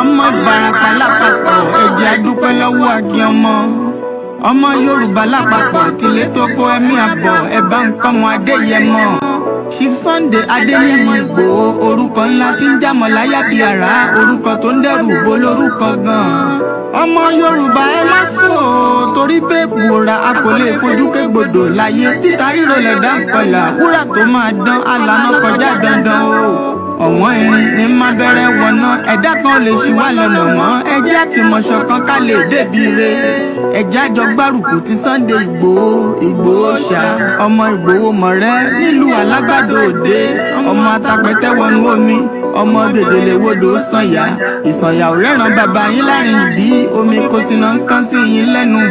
ọmọ Ìbàràpá lápapọ̀ ẹ jẹ́ a dúpẹ́ lọ́wọ́ akin ọmọ ọmọ Yorùbá lápapọ̀ tìlé tó kó ẹ̀mí àbọ̀ ẹ bá ń kọ́mọ Adéyẹmọ ṣífọ́ǹdé Adéyẹmọ Ìgbòho orúkọ ńlá tí ń jàmọ̀ láyà bíi àrá orúkọ tó ń dẹ̀rù bo lórúkọ gan-an ọmọ Yorùbá ẹ má sùn o torí pé bùrà a kò lè fojú kégbodò láyé títa ríro lẹ̀dá wúrà tó máa dán alànà kọjá dandan o ọ̀wọ́n irin ní má bẹ̀rẹ̀ wọ̀nà ẹ̀dá kan lè ṣì wá lọ́nà mọ́ ẹjẹ́ àfimọ̀ṣọ kan ká lè débi re ẹjẹ́ àjọ gbárùkù ti Sunday Ìgbòho Ìgbòho ṣá ọmọ Ìgbòho mọ̀rẹ́ nílùú Alágbàdo Òde ọmọ atapẹ̀tẹ̀ wọnú omi ọmọ gèdèlè wodò sànyà ìsànyà ò rẹ́ràn bàbá yín láàrin ìdí omi kò sí ń kán sí yín lẹ́nu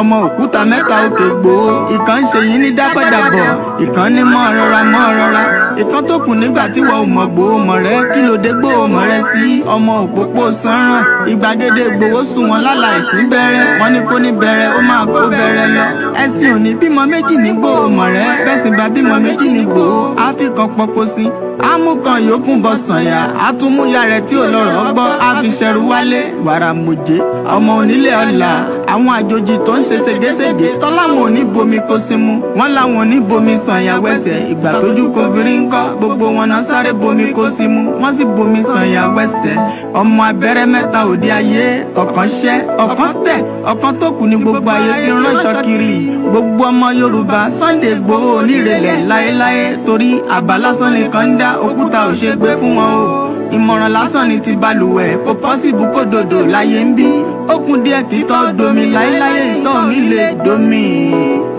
ọmọ òkúta mẹ́ta òkè gbòó ìkan ń ṣe yín ní dábọ̀dàbọ̀ ìkan ní mọ́ rọra mọ́ rọra ìkan tó kù nígbà tí wọ́n ò mọ̀ gbòó mọ̀ rẹ kí ló dé gbòó mọ̀ rẹ sí ọmọ òpópó sanran ìgbàgede gbòó sùn wọn lálà ìsín bẹ̀rẹ̀ wọn ní kó ní bẹ̀rẹ̀ ó máa kó bẹ̀rẹ̀ lọ ẹ̀sìn òní bímọ méjì ní gbòó mọ̀ rẹ bẹ́sìn bá bímọ méjì ní gbòó á fi kan pọpo sí amúkan yòókù bọ sànyà àtúmúyà rẹ tí ò lọ́rọ̀ gbọ́ àfiṣẹrù wálé wàrà mòjé ọmọ onílé ọlà àwọn àjòjì tó ń ṣe ségesège tọ́láwọn oníbomi kó sí mu wọ́n láwọn oníbomi sànyà wẹ́sẹ̀ ìgbà tójú kò fìrí ń kọ́ gbogbo wọn náà sáré bomi kó sí mu wọ́n sì bomi sànyà wẹ́sẹ̀ ọmọ abẹ́rẹ́ mẹ́ta òde ayé ọ̀kan ṣẹ́ ọ̀kan tẹ̀ ọ̀kan tó kù gbogbo ayé ti ránṣọ kiri gbogbo ọmọ Yorùbá Sunday Igboho onírèlẹ̀ láéláé torí àbá lásán nìkan d dá òkúta ò ṣe gbé fún wọn o ìmọ̀ràn lásán ni ti balùwẹ̀ kò pọ́sìbù kó dòdò láyé ń bí ó kún díẹ̀ kí domi láéláyé ìtọ́ mi lè domi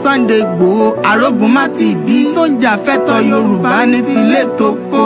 Sunday Igboho arógun má ti dí tó ń jà fẹ́tọ̀ Yorùbá ní tilé tó kó.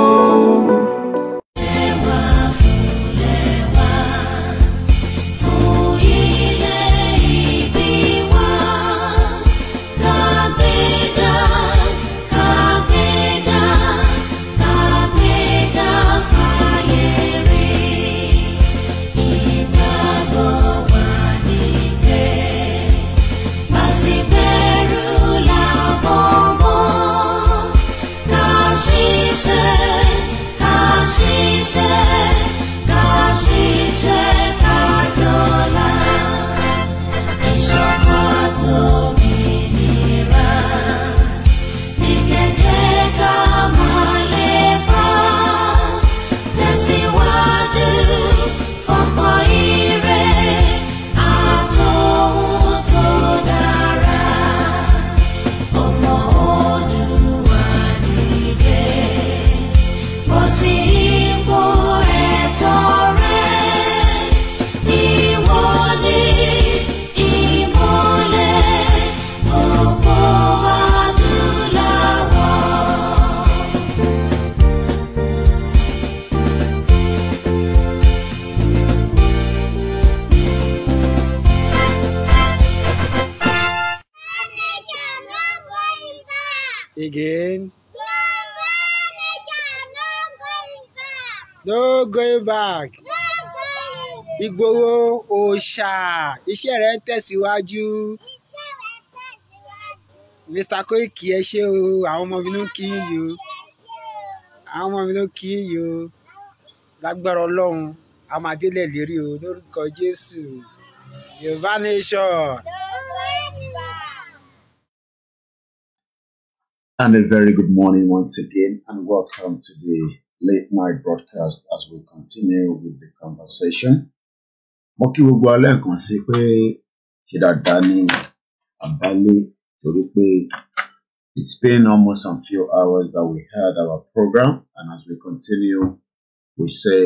Goldberg Ìgbòho òòṣà iṣẹ́ rẹ̀ ń tẹ̀síwájú Mr Koiki ẹ ṣé o àwọn ọmọ mi ló kí yìí o àwọn ọmọ mi ló kí yìí o lágbára ọlọ́run a lérí o lórúkọ Jésù Yorùbá nation. And a very good morning once again, and welcome to the late night broadcast as we continue with the conversation. mo kí gbogbo alẹ́ nǹkan sí pé ṣe dáadáa ní àbálé torí pé it's been almost some few hours that we had our program and as we continue we say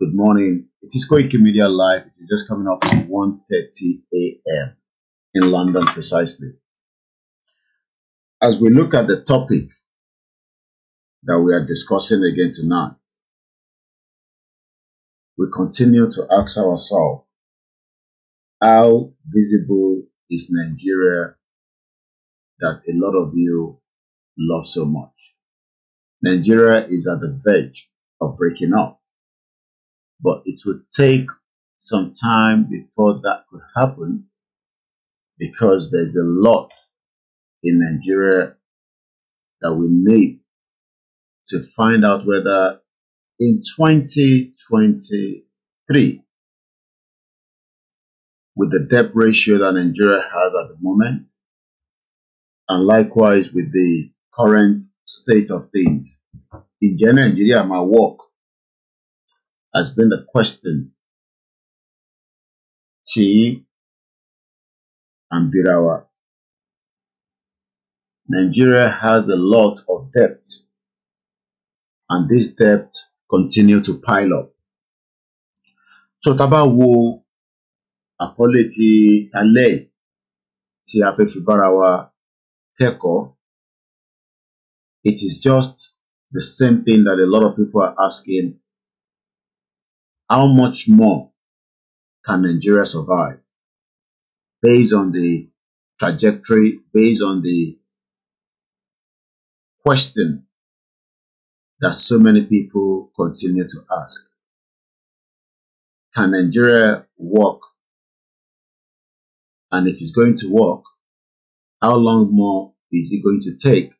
good morning it is Koiki Media Live it is just coming up to one thirty a.m. in London precisely. As we look at the topic that we are discussing again tonight, we continue to ask ourselves how visible is Nigeria that a lot of you love so much? Nigeria is at the verge of breaking up, but it would take some time before that could happen because there's a lot in Nigeria that we need to find out whether in 2023, with the debt ratio that Nigeria has at the moment, and likewise with the current state of things, in general, Nigeria, my work has been the question. Chi and Birawa. Nigeria has a lot of debt and this debt continue to pile up. So tá a bá wo àkọlé ti alẹ́ tí a fẹ́ fi bára wa kẹ́kọ̀ọ́ it is just the same thing that a lot of people are asking how much more can Nigeria survive based on the trajectory based on the question that so many people continue to ask. Can Nigeria work? And if it's going to work, how long more is it going to take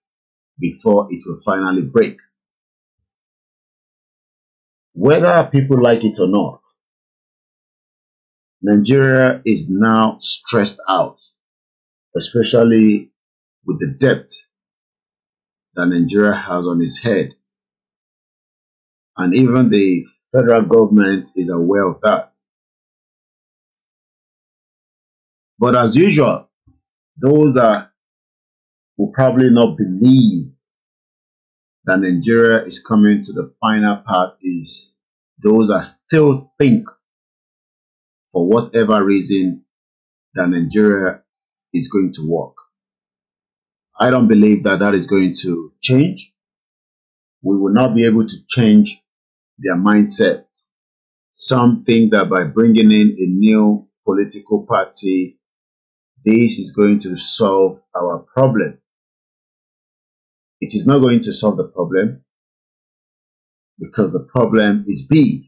before it will finally break? Whether people like it or not, Nigeria is now stressed out, especially with the debt that Nigeria has on its head and even the federal government is aware of that. But as usual, those that will probably not believe that Nigeria is coming to the final part is those that still think, for whatever reason, that Nigeria is going to work. I don't believe that that is going to change. We will not be able to change their mindset. Some think that by bringing in a new political party, this is going to solve our problem. It is not going to solve the problem because the problem is big.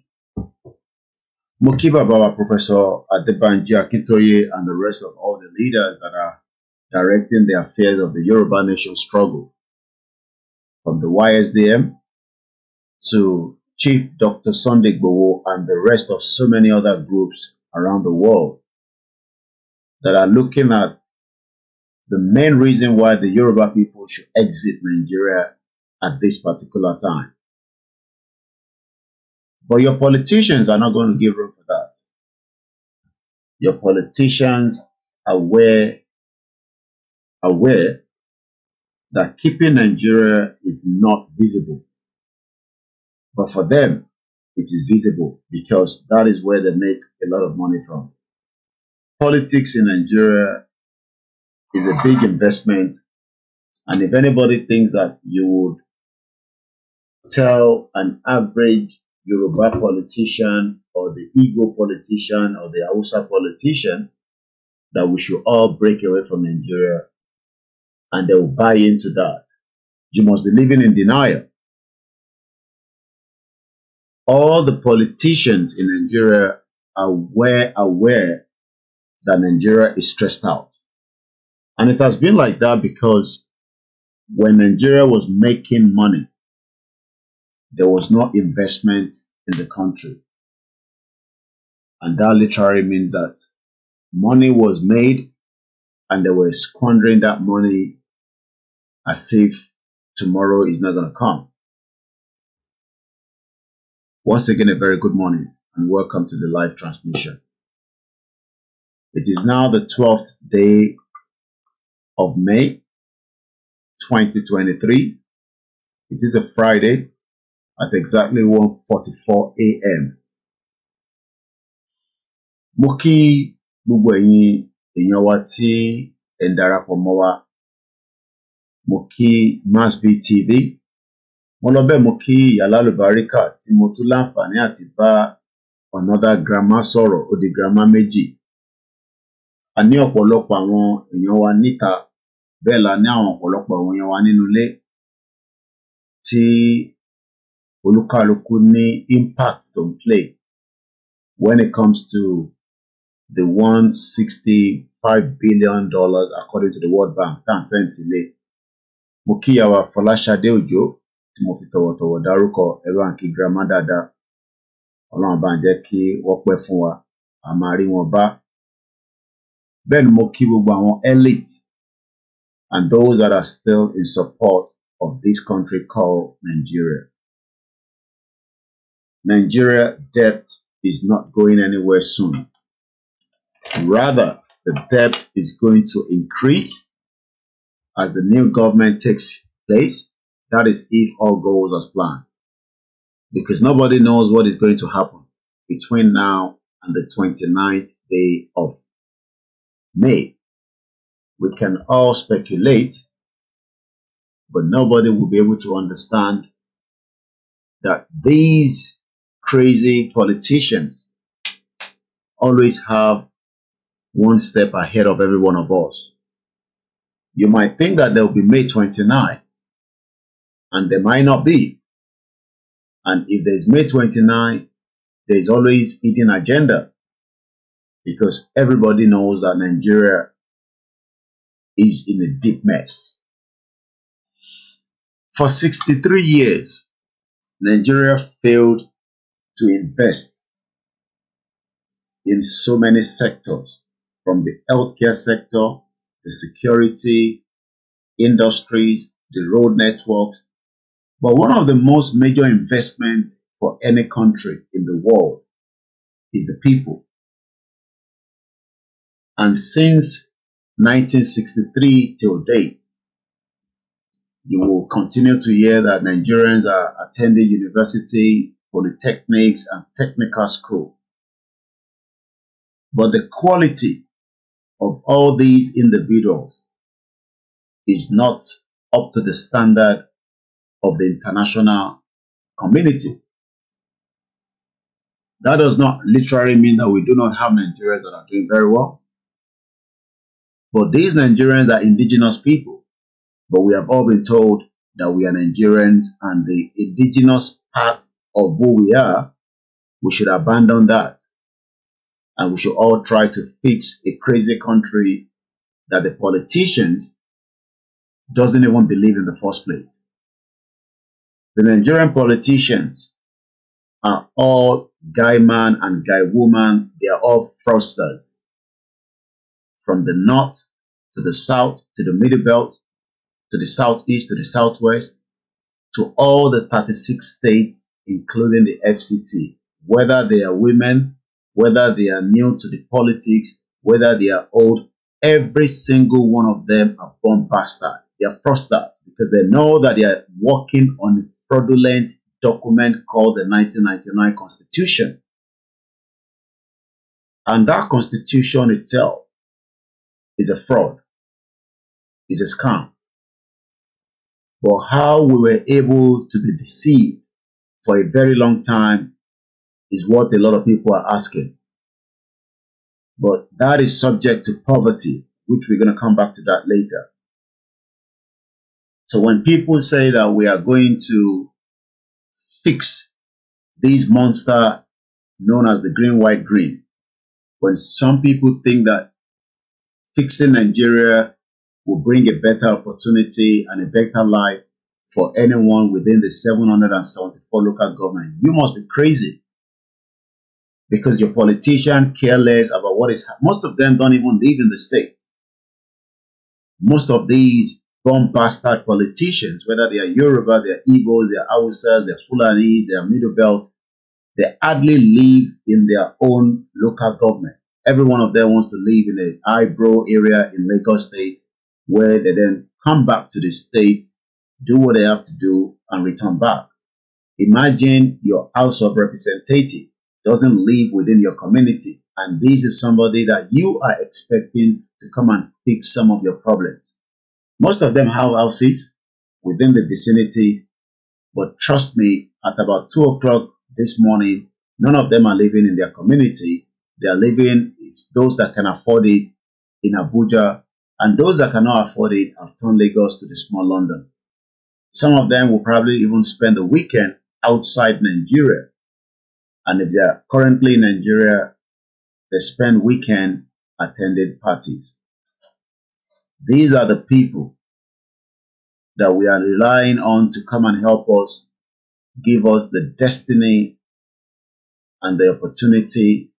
Mukiba Baba, Professor Adebanji Akintoye, and the rest of all the leaders that are directing the affairs of the Yoruba nation struggle, from the YSDM to Chief Dr. Sunday Gbowo and the rest of so many other groups around the world that are looking at the main reason why the Yoruba people should exit Nigeria at this particular time. But your politicians are not going to give room for that. Your politicians are aware, aware that keeping Nigeria is not visible but for them, it is visible because that is where they make a lot of money from. Politics in Nigeria is a big investment. And if anybody thinks that you would tell an average Yoruba politician or the Igbo politician or the Hausa politician that we should all break away from Nigeria and they will buy into that, you must be living in denial all the politicians in Nigeria are aware, aware that Nigeria is stressed out. And it has been like that because when Nigeria was making money, there was no investment in the country. And that literally means that money was made and they were squandering that money as if tomorrow is not going to come. Once again, a very good morning and welcome to the live transmission. It is now the 12th day of May 2023. It is a Friday at exactly 1.44 a.m. Muki kí Inyawati Endara èèyàn Muki Masbi TV. mo lọ bẹ́ẹ̀ mo kí ìyá lálùbáríkà tí mo tún láǹfààní àti bá another grandma sọ̀rọ̀ ó di grandma méjì a ní ọ̀pọ̀lọpọ̀ àwọn èèyàn wa níta bẹ́ẹ̀ la ní àwọn ọ̀pọ̀lọpọ̀ àwọn èèyàn wa nínú ilé tí olúkálukú ní impact tó play when it comes to the one sixty five billion dollars according to the World Bank tá à ń sẹ́ǹsì lé mo kíyàwó Fọláṣadé Òjó tí mo fi tọ̀wọ̀tọ̀wọ̀ dárúkọ ẹ bá girama dáadáa ọlọ́run bá ń jẹ́ kí wọ́n pẹ́ fún wa a máa rí wọn bá bẹ́ẹ̀ ni mo kí gbogbo àwọn elite and those that are still in support of this country called Nigeria. Nigeria debt is not going anywhere soon. Rather, the debt is going to increase as the new government takes place That is if all goes as planned. Because nobody knows what is going to happen between now and the 29th day of May. We can all speculate, but nobody will be able to understand that these crazy politicians always have one step ahead of every one of us. You might think that there will be May 29, and there might not be. And if there's May 29, there's always hidden agenda because everybody knows that Nigeria is in a deep mess. For 63 years, Nigeria failed to invest in so many sectors, from the healthcare sector, the security, industries, the road networks, but one of the most major investments for any country in the world is the people. And since 1963 till date, you will continue to hear that Nigerians are attending university, polytechnics, and technical school. But the quality of all these individuals is not up to the standard of the international community. That does not literally mean that we do not have Nigerians that are doing very well. But these Nigerians are indigenous people. But we have all been told that we are Nigerians and the indigenous part of who we are, we should abandon that. And we should all try to fix a crazy country that the politicians doesn't even believe in the first place. The Nigerian politicians are all guy man and guy woman. They are all fraudsters. From the north to the south to the middle belt to the southeast to the southwest to all the 36 states, including the FCT, whether they are women, whether they are new to the politics, whether they are old, every single one of them are born bastard. They are fraudsters because they know that they are working on fraudulent document called the 1999 Constitution. And that Constitution itself is a fraud, is a scam. But how we were able to be deceived for a very long time is what a lot of people are asking. But that is subject to poverty, which we're going to come back to that later. So when people say that we are going to fix this monster known as the green, white, green, when some people think that fixing Nigeria will bring a better opportunity and a better life for anyone within the 774 local government, you must be crazy because your politician care less about what is most of them don't even live in the state most of these bombastic politicians, whether they are Yoruba, they're Igbo, they're Hausa, they're Fulani, they're Middle Belt, they hardly live in their own local government. Every one of them wants to live in an eyebrow area in Lagos State where they then come back to the state, do what they have to do, and return back. Imagine your House of Representative doesn't live within your community, and this is somebody that you are expecting to come and fix some of your problems. Most of them have houses within the vicinity, but trust me, at about 2 o'clock this morning, none of them are living in their community. They are living, those that can afford it, in Abuja, and those that cannot afford it have turned Lagos to the small London. Some of them will probably even spend the weekend outside Nigeria. And if they are currently in Nigeria, they spend weekend attending parties. These are the people that we are relying on to come and help us, give us the destiny and the opportunity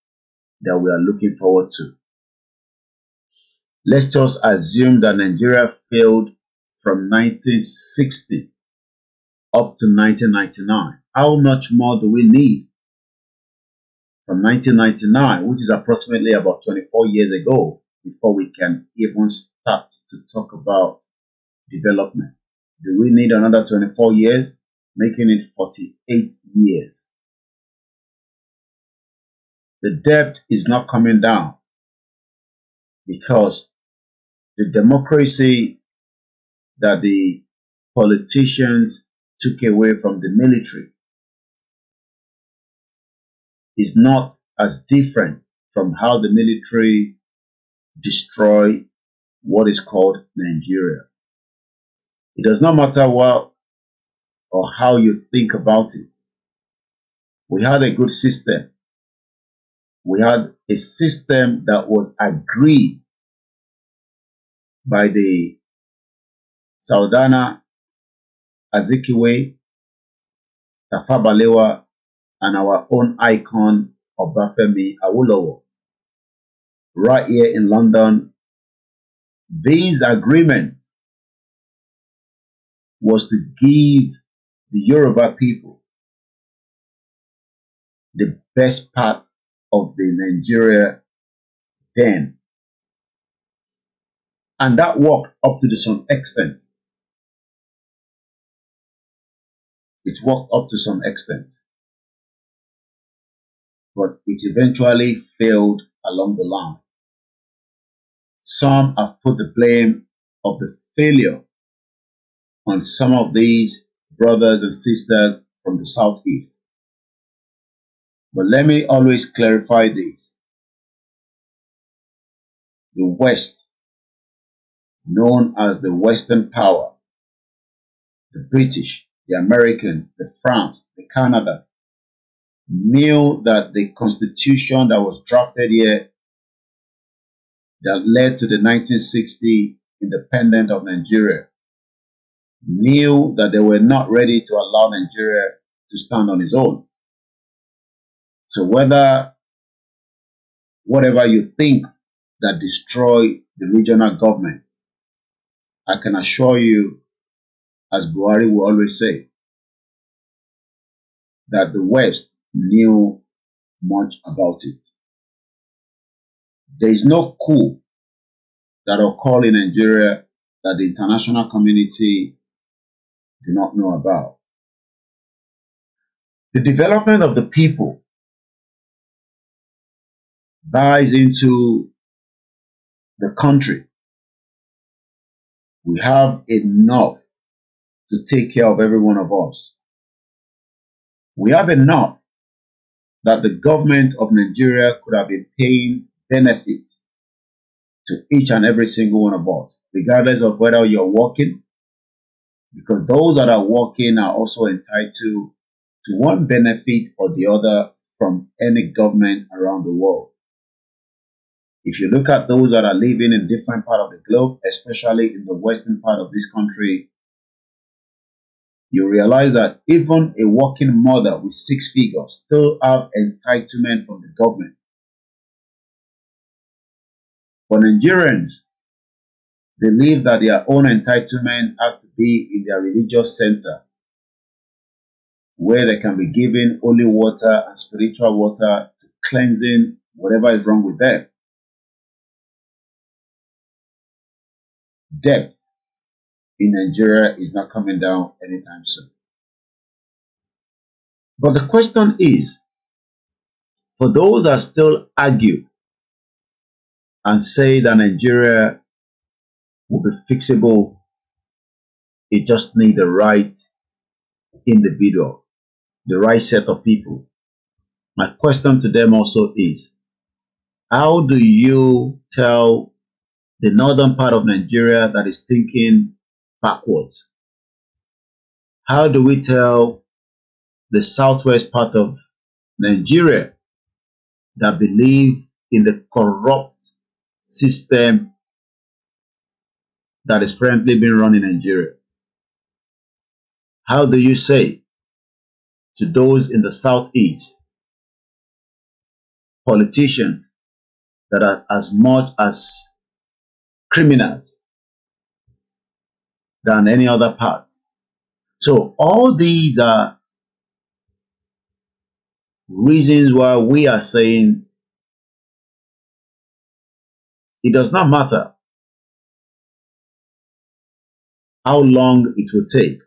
that we are looking forward to. Let's just assume that Nigeria failed from 1960 up to 1999. How much more do we need? From 1999, which is approximately about 24 years ago, before we can even start to talk about development. Do we need another 24 years, making it 48 years? The debt is not coming down because the democracy that the politicians took away from the military is not as different from how the military destroy what is called Nigeria. It does not matter what or how you think about it. We had a good system. We had a system that was agreed by the Saudana, Azikiwe, Tafabalewa, and our own icon, of Obafemi Awolowo, right here in London this agreement was to give the Yoruba people the best part of the Nigeria then. And that worked up to some extent. It worked up to some extent. But it eventually failed along the line. Some have put the blame of the failure on some of these brothers and sisters from the southeast. But let me always clarify this. The West, known as the Western power, the British, the Americans, the France, the Canada, knew that the constitution that was drafted here that led to the 1960 independence of Nigeria knew that they were not ready to allow Nigeria to stand on its own. So whether whatever you think that destroyed the regional government, I can assure you, as Buhari will always say, that the West knew much about it. There is no coup that occurred in Nigeria that the international community do not know about. The development of the people buys into the country. We have enough to take care of every one of us. We have enough that the government of Nigeria could have been paying benefit to each and every single one of us, regardless of whether you're working, because those that are working are also entitled to one benefit or the other from any government around the world. If you look at those that are living in different part of the globe, especially in the western part of this country, you realize that even a working mother with six figures still have entitlement from the government for Nigerians, believe that their own entitlement has to be in their religious center, where they can be given holy water and spiritual water to cleansing whatever is wrong with them. Depth in Nigeria is not coming down anytime soon. But the question is, for those that still argue and say that Nigeria will be fixable. It just needs the right individual, the right set of people. My question to them also is, how do you tell the northern part of Nigeria that is thinking backwards? How do we tell the southwest part of Nigeria that believes in the corrupt system that is currently being run in Nigeria. How do you say to those in the southeast, politicians that are as much as criminals than any other part? So all these are reasons why we are saying it does not matter how long it will take.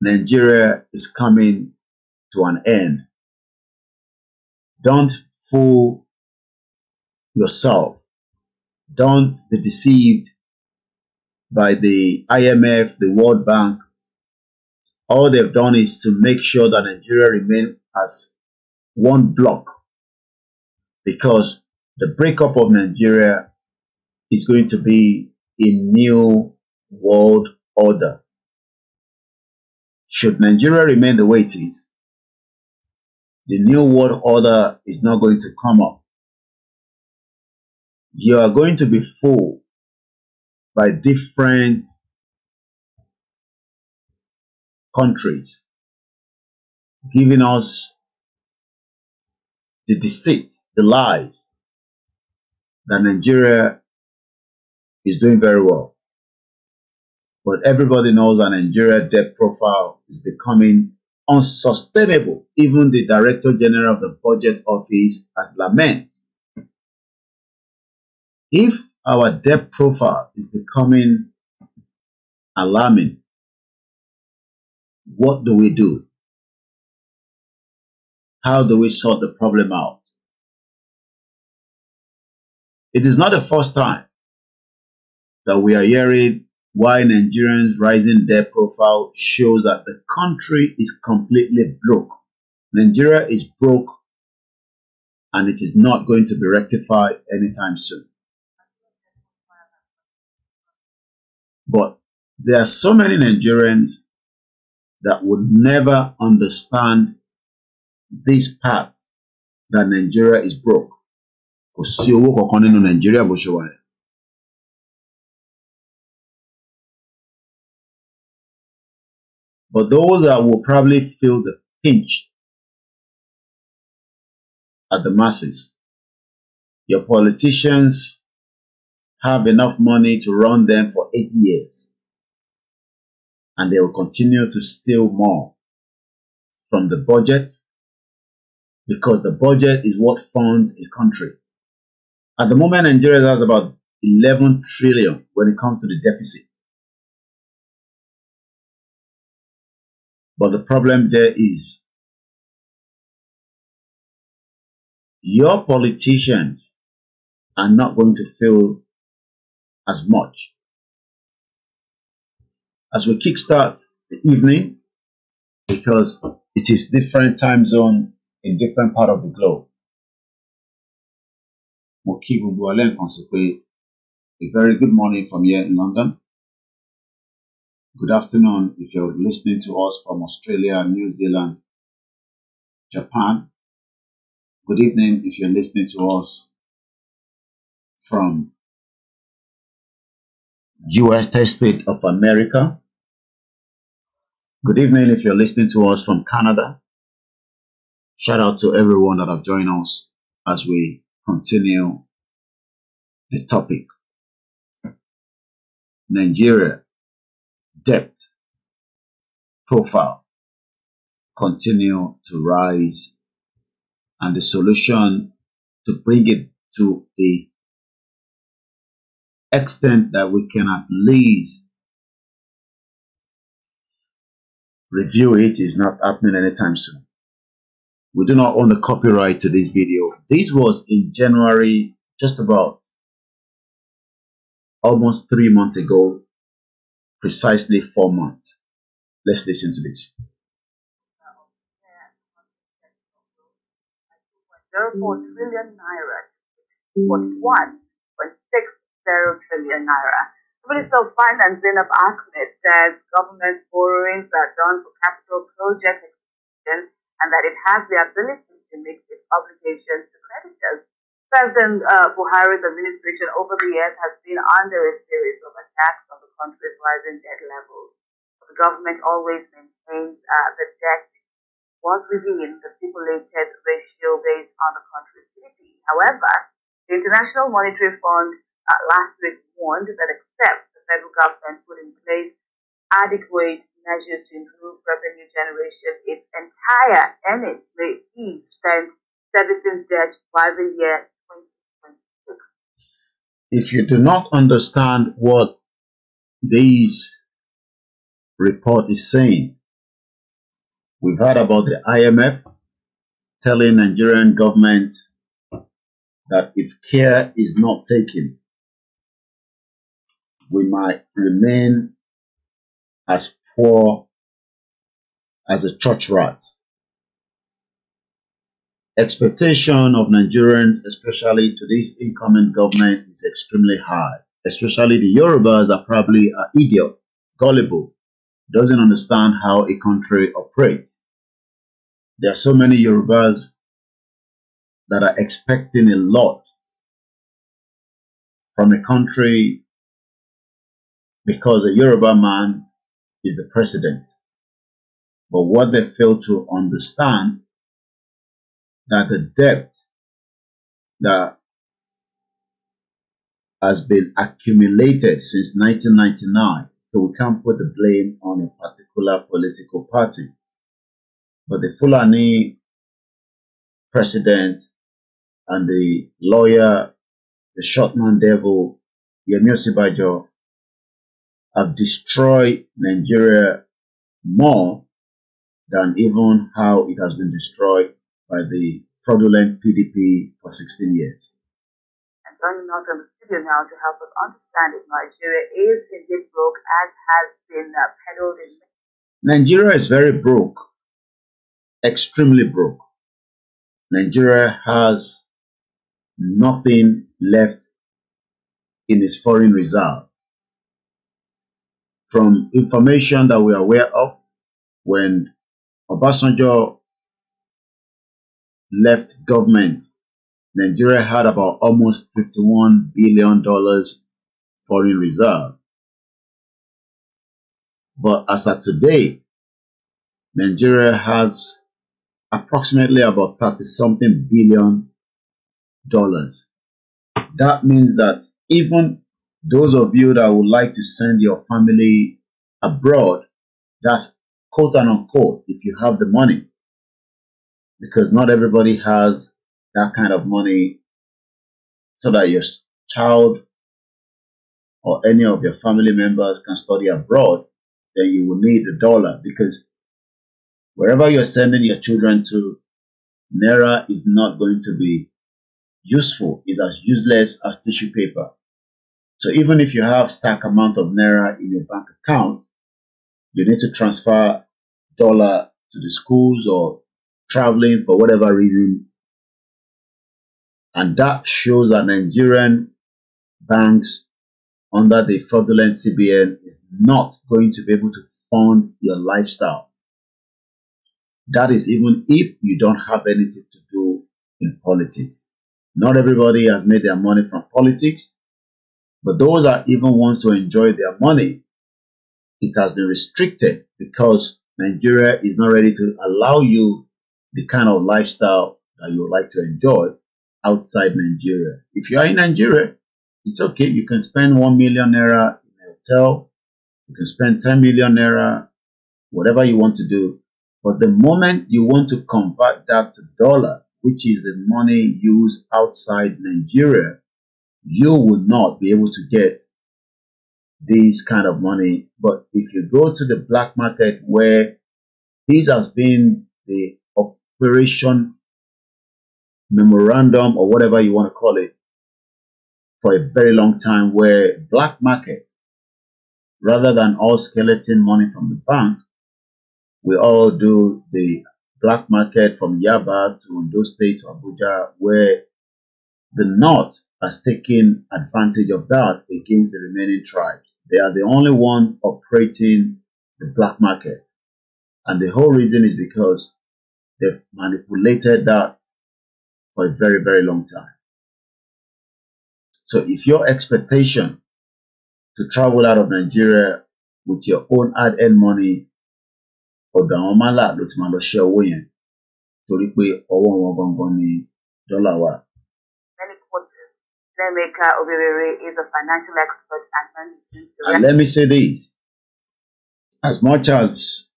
Nigeria is coming to an end. Don't fool yourself. Don't be deceived by the IMF, the World Bank. All they've done is to make sure that Nigeria remains as one block because the breakup of Nigeria is going to be a new world order. Should Nigeria remain the way it is, the new world order is not going to come up. You are going to be fooled by different countries giving us the deceit, the lies, that Nigeria is doing very well. But everybody knows that Nigeria debt profile is becoming unsustainable. Even the Director General of the Budget Office has lamented. If our debt profile is becoming alarming, what do we do? How do we sort the problem out? It is not the first time that we are hearing why Nigerians' rising debt profile shows that the country is completely broke. Nigeria is broke and it is not going to be rectified anytime soon. But there are so many Nigerians that would never understand this part that Nigeria is broke kò sí owó kankan nínú nàìjíríà bó ṣe wà yẹn but those that will probably feel the pinch are the masses. Your politicians have enough money to run them for eight years, and they will continue to steal more from the budget because the budget is what funds a country. At the moment, Nigeria has about 11 trillion when it comes to the deficit. But the problem there is your politicians are not going to feel as much. As we kickstart the evening, because it is different time zone in different part of the globe mo kí gbogbo pé a very good morning from here in London. Good afternoon if you're listening to us from Australia, New Zealand, Japan. Good evening if you're listening to us from United States of America. Good evening if you're listening to us from Canada. Shout out to everyone that have joined us as we continue the topic. Nigeria debt profile continue to rise and the solution to bring it to the extent that we can at least review it is not happening anytime soon. We do not own the copyright to this video this was in January, just about almost three months ago, precisely four months. Let's listen to this. Zero four trillion naira, forty-one point six zero trillion naira. Minister of Finance Zainab Ahmed says government borrowings are done for capital project expansion and that it has the ability to meet its obligations to creditors. President uh, Buhari's administration over the years has been under a series of attacks on the country's rising debt levels. The government always maintains uh, that debt was within the stipulated ratio based on the country's GDP. However, the International Monetary Fund uh, last week warned that except the federal government put in place adequate measures to improve revenue generation. Its entire earnings may be spent servicing debt by the year 2026. If you do not understand what this report is saying, we've heard about the IMF telling Nigerian government that if care is not taken, we might remain as poor as a church rat. Expectation of Nigerians, especially today's incoming government, is extremely high. Especially the Yorubas that probably are idiot, gullible, doesn't understand how a country operates. There are so many Yorubas that are expecting a lot from a country because a Yoruba man is the president. But what they fail to understand that the debt that has been accumulated since 1999, so we can't put the blame on a particular political party. But the Fulani president and the lawyer, the shotman devil, Yemi Osibajo, have destroyed Nigeria more than even how it has been destroyed by the fraudulent PDP for 16 years. And joining us in the studio now to help us understand if Nigeria is indeed broke as has been uh, peddled in. Nigeria is very broke, extremely broke. Nigeria has nothing left in its foreign reserve from information that we're aware of, when Obasanjo left government, Nigeria had about almost $51 billion foreign reserve. But as of today, Nigeria has approximately about 30 something billion dollars. That means that even those of you that would like to send your family abroad, that's quote and unquote if you have the money. Because not everybody has that kind of money so that your child or any of your family members can study abroad, then you will need the dollar because wherever you're sending your children to, Naira is not going to be useful, is as useless as tissue paper. So even if you have stack amount of Naira in your bank account, you need to transfer dollar to the schools or traveling for whatever reason. And that shows that Nigerian banks under the fraudulent CBN is not going to be able to fund your lifestyle. That is even if you don't have anything to do in politics. Not everybody has made their money from politics. But those that even want to enjoy their money, it has been restricted because Nigeria is not ready to allow you the kind of lifestyle that you would like to enjoy outside Nigeria. If you are in Nigeria, it's okay. You can spend 1 million naira in a hotel. You can spend 10 million naira, whatever you want to do. But the moment you want to convert that to dollar, which is the money used outside Nigeria, you will not be able to get this kind of money. But if you go to the black market where this has been the operation memorandum or whatever you want to call it for a very long time where black market rather than all skeleton money from the bank we all do the black market from Yaba to Ondo State to Abuja where the north has taken advantage of that against the remaining tribes. They are the only one operating the black market. And the whole reason is because they've manipulated that for a very, very long time. So if your expectation to travel out of Nigeria with your own hard earned money, ọ̀dọ̀ àwọn ọmọ aláàlú ti máa lọ ṣe or one torí pé Obi Obirere is a financial expert and And let me say this. As much as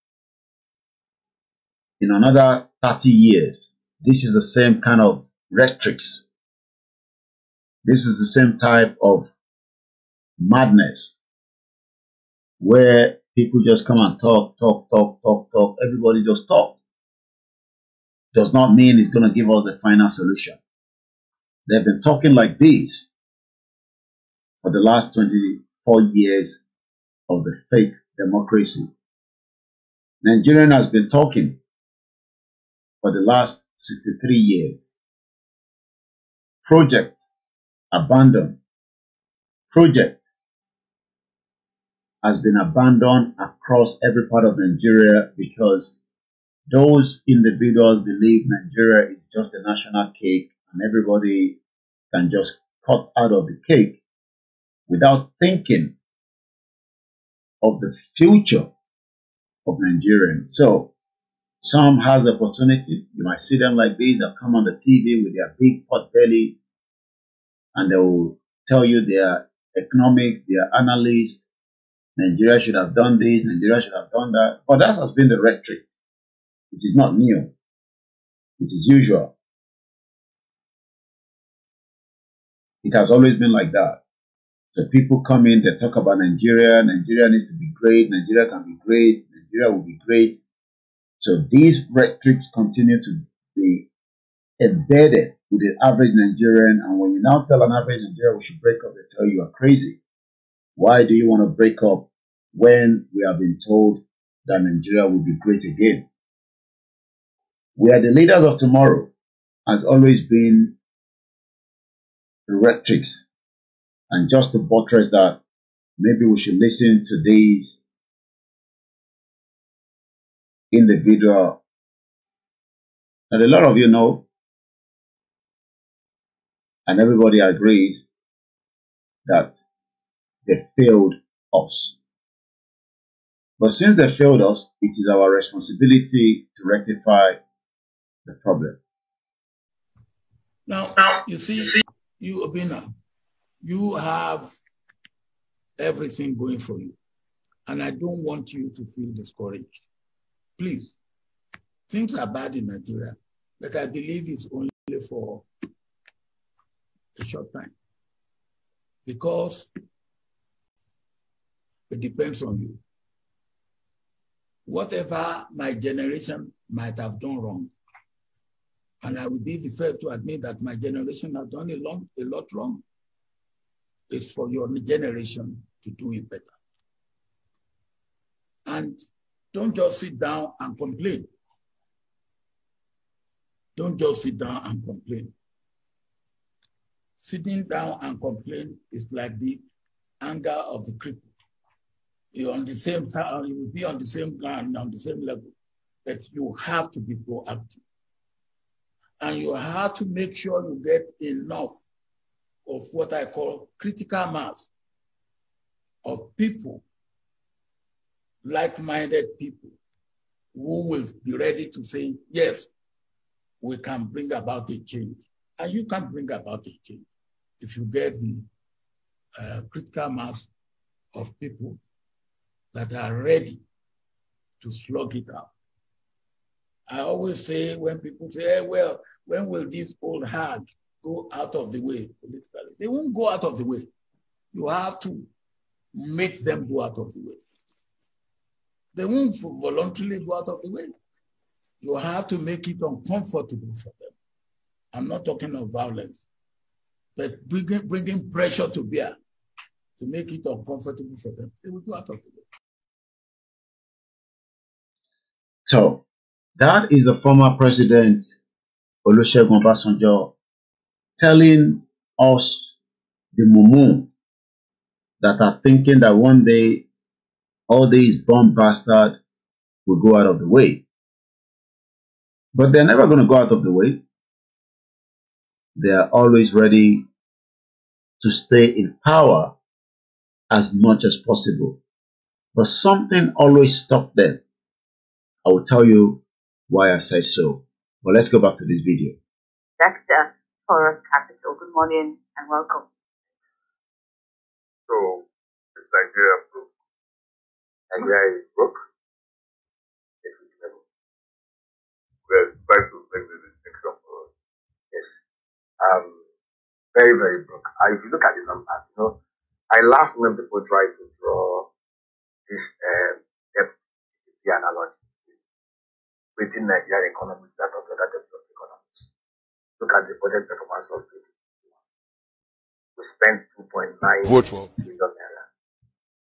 in another 30 years, this is the same kind of rhetoric. This is the same type of madness where people just come and talk, talk, talk, talk, talk. Everybody just talk. Does not mean it's going to give us a final solution. They've been talking like this for the last 24 years of the fake democracy. Nigerian has been talking for the last 63 years. Project abandoned. Project has been abandoned across every part of Nigeria because those individuals believe Nigeria is just a national cake and everybody can just cut out of the cake without thinking of the future of Nigerians. So some has the opportunity. You might see them like these that come on the TV with their big pot belly and they will tell you their economics, their analysts. Nigeria should have done this, Nigeria should have done that. But that has been the rhetoric. It is not new. It is usual. It has always been like that. So people come in, they talk about Nigeria. Nigeria needs to be great. Nigeria can be great. Nigeria will be great. So these rhetorics continue to be embedded with the average Nigerian. And when you now tell an average Nigerian we should break up, they tell you are crazy. Why do you want to break up when we have been told that Nigeria will be great again? We are the leaders of tomorrow has always been rhetorics. And just to buttress that, maybe we should listen to these individual that a lot of you know and everybody agrees that they failed us. But since they failed us, it is our responsibility to rectify the problem. Now, you see, you, Obina, you have everything going for you. And I don't want you to feel discouraged. Please, things are bad in Nigeria, but I believe it's only for a short time because it depends on you. Whatever my generation might have done wrong, and I would be the first to admit that my generation has done a, a lot wrong. It's for your generation to do it better. And don't just sit down and complain. Don't just sit down and complain. Sitting down and complain is like the anger of the cripple. You're on the same time, you will be on the same ground, on the same level, but you have to be proactive and you have to make sure you get enough of what I call critical mass of people, like-minded people, who will be ready to say, yes, we can bring about a change. And you can bring about a change if you get the uh, critical mass of people that are ready to slug it out. I always say when people say, hey, eh, well, when will this old hag go out of the way politically? They won't go out of the way. You have to make them go out of the way. They won't voluntarily go out of the way. You have to make it uncomfortable for them. I'm not talking of violence, but bringing, bringing pressure to bear to make it uncomfortable for them. They will go out of the way. So that is the former president, Olusegun Obasanjo, telling us, the mumu, that are thinking that one day all these bomb bastards will go out of the way. But they're never going to go out of the way. They are always ready to stay in power as much as possible. But something always stopped them. I will tell you why I say so. But let's go back to this video. Director, Taurus Capital, good morning and welcome. So, is Nigeria broke? Nigeria is broke. We are trying to make the distinction for us. Yes. Um, very, very broke. Uh, if you look at the numbers, you know, I laugh when people try to draw this uh, analogy between Nigerian economy that of the other developed economies. Look at the budget performance of 2021. We spent 2.9 trillion naira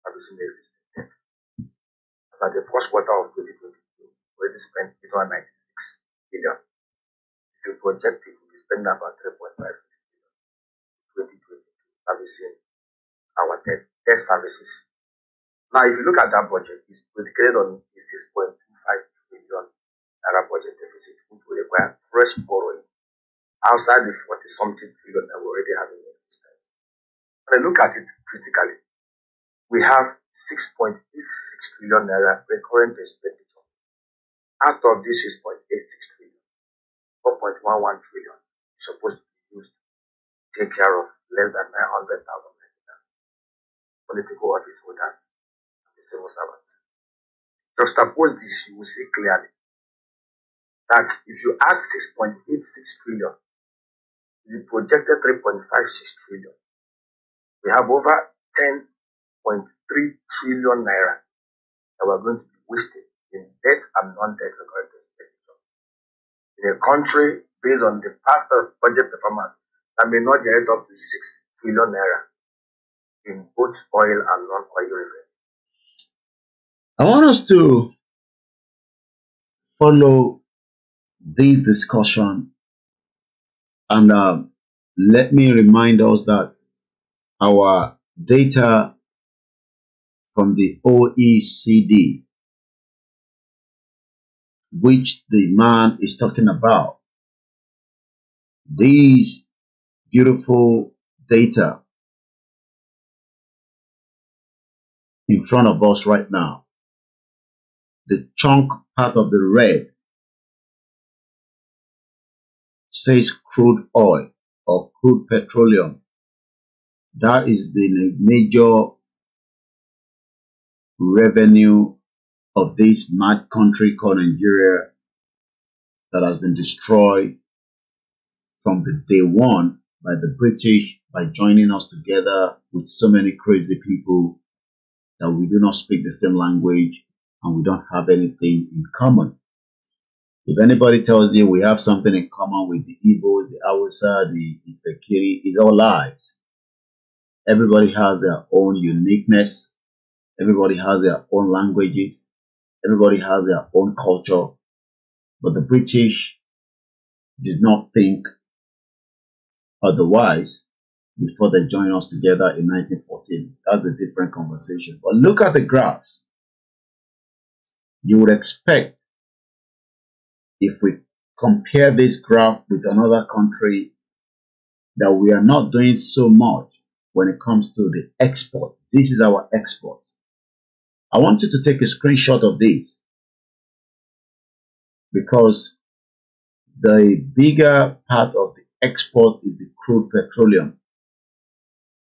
reducing the existing debt. As at the first quarter of 2022, we already spent 896 billion. If you project it, we spend about 3.56 billion. 2022, servicing our debt, debt services. Now, if you look at that budget, it's predicated on a 6.3 naira budget deficit, which will require fresh borrowing outside the 40 something trillion that we already have in existence. When I look at it critically, we have 6.86 trillion naira recurrent expenditure. Out of this 6.86 trillion, 4.11 trillion is supposed to be used to take care of less than 900,000 residents, political office holders, and the civil servants. oppose this, you will see clearly that if you add 6.86 trillion, we projected 3.56 trillion. We have over 10.3 trillion naira that we're going to be wasted in debt and non-debt recurrent expenditure. In a country based on the past budget performance that may not generate up to 6 trillion naira in both oil and non-oil revenue. I want us to follow this discussion. And uh, let me remind us that our data from the OECD, which the man is talking about, these beautiful data in front of us right now, the chunk part of the red says crude oil or crude petroleum. That is the major revenue of this mad country called Nigeria that has been destroyed from the day one by the British by joining us together with so many crazy people that we do not speak the same language and we don't have anything in common. If anybody tells you we have something in common with the Igbos, the Hausa, the Ifekiri, it's all lies. Everybody has their own uniqueness. Everybody has their own languages. Everybody has their own culture. But the British did not think otherwise before they joined us together in 1914. That's a different conversation. But look at the graphs. You would expect if we compare this graph with another country, that we are not doing so much when it comes to the export. This is our export. I want you to take a screenshot of this because the bigger part of the export is the crude petroleum.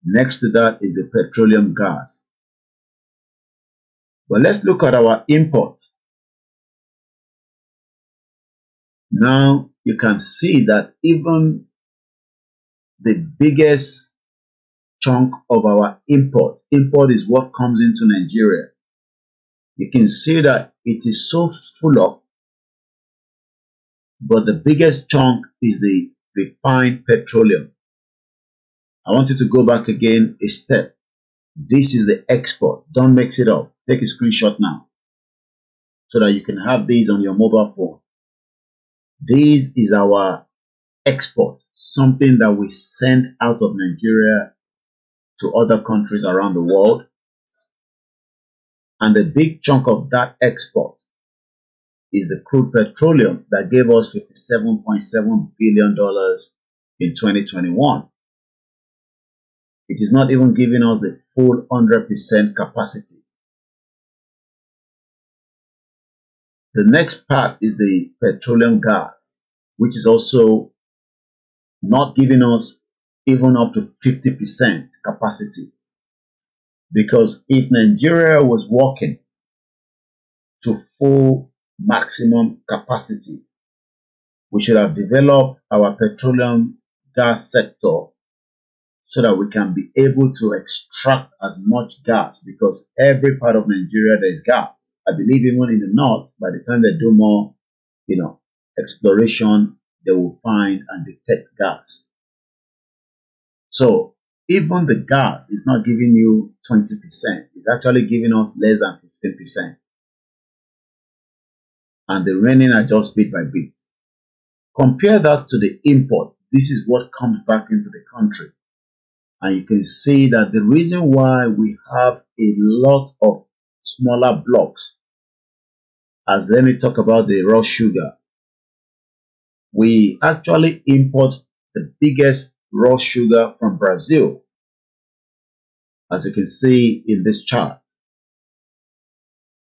Next to that is the petroleum gas. But let's look at our imports. Now you can see that even the biggest chunk of our import, import is what comes into Nigeria. You can see that it is so full up, but the biggest chunk is the refined petroleum. I want you to go back again a step. This is the export. Don't mix it up. Take a screenshot now so that you can have these on your mobile phone. This is our export, something that we send out of Nigeria to other countries around the world. And a big chunk of that export is the crude petroleum that gave us $57.7 billion in 2021. It is not even giving us the full 100% capacity The next part is the petroleum gas, which is also not giving us even up to 50% capacity. Because if Nigeria was working to full maximum capacity, we should have developed our petroleum gas sector so that we can be able to extract as much gas because every part of Nigeria there is gas. I believe even in the north, by the time they do more, you know, exploration, they will find and detect gas. So even the gas is not giving you 20%. It's actually giving us less than 15%. And the raining are just bit by bit. Compare that to the import. This is what comes back into the country. And you can see that the reason why we have a lot of smaller blocks as let me talk about the raw sugar. We actually import the biggest raw sugar from Brazil, as you can see in this chart.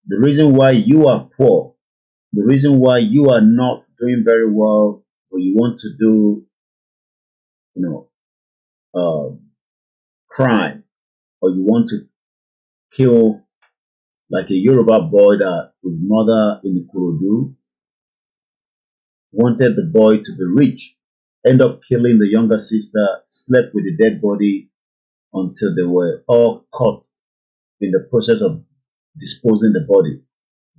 The reason why you are poor, the reason why you are not doing very well, or you want to do, you know, um, crime, or you want to kill like a Yoruba boy that his mother in Ikorodu wanted the boy to be rich, end up killing the younger sister, slept with the dead body until they were all caught in the process of disposing the body.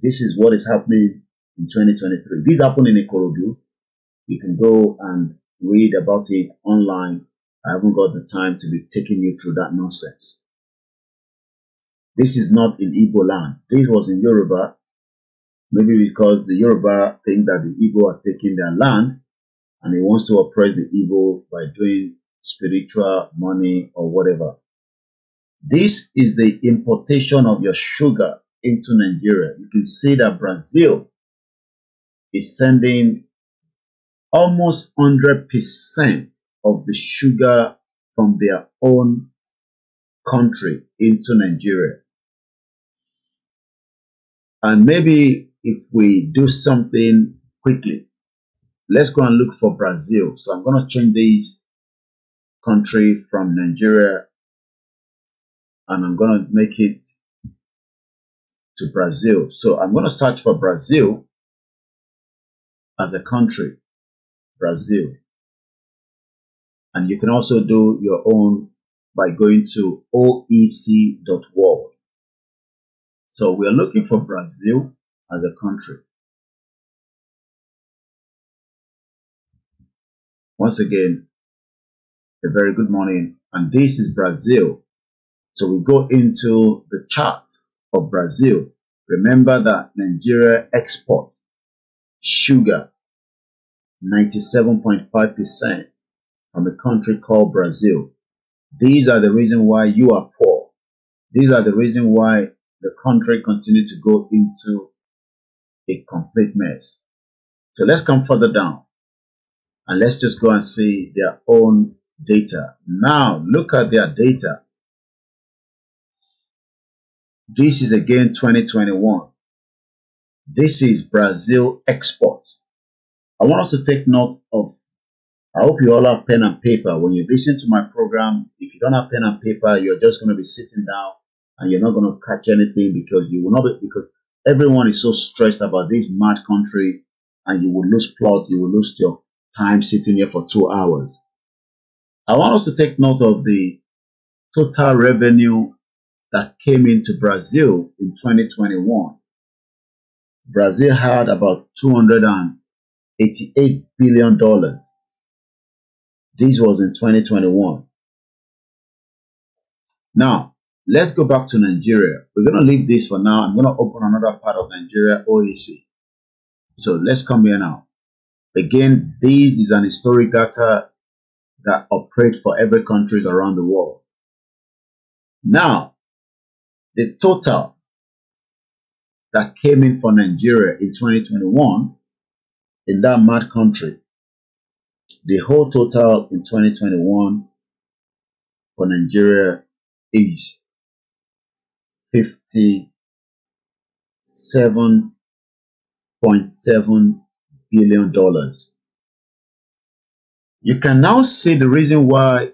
This is what is happening in 2023. This happened in Ikorodu. You can go and read about it online. I haven't got the time to be taking you through that nonsense. This is not in Igbo land. This was in Yoruba, maybe because the Yoruba think that the Igbo has taken their land and he wants to oppress the Igbo by doing spiritual money or whatever. This is the importation of your sugar into Nigeria. You can see that Brazil is sending almost 100% of the sugar from their own country into Nigeria. And maybe if we do something quickly, let's go and look for Brazil. So I'm going to change this country from Nigeria and I'm going to make it to Brazil. So I'm going to search for Brazil as a country, Brazil. And you can also do your own by going to oec.world. So we are looking for Brazil as a country. Once again, a very good morning. And this is Brazil. So we go into the chart of Brazil. Remember that Nigeria export sugar 97.5% from a country called Brazil. These are the reason why you are poor. These are the reason why the country continued to go into a complete mess. So let's come further down and let's just go and see their own data. Now, look at their data. This is again 2021. This is Brazil export. I want us to take note of, I hope you all have pen and paper. When you listen to my program, if you don't have pen and paper, you're just going to be sitting down and you're not going to catch anything because you will not be, because everyone is so stressed about this mad country and you will lose plot, you will lose your time sitting here for two hours. I want us to take note of the total revenue that came into Brazil in 2021. Brazil had about 288 billion dollars. This was in 2021. Now, Let's go back to Nigeria. We're going to leave this for now. I'm going to open another part of Nigeria, OAC. So let's come here now. Again, this is an historic data that operate for every countries around the world. Now, the total that came in for Nigeria in 2021 in that mad country, the whole total in 2021 for Nigeria is 57.7 billion dollars. You can now see the reason why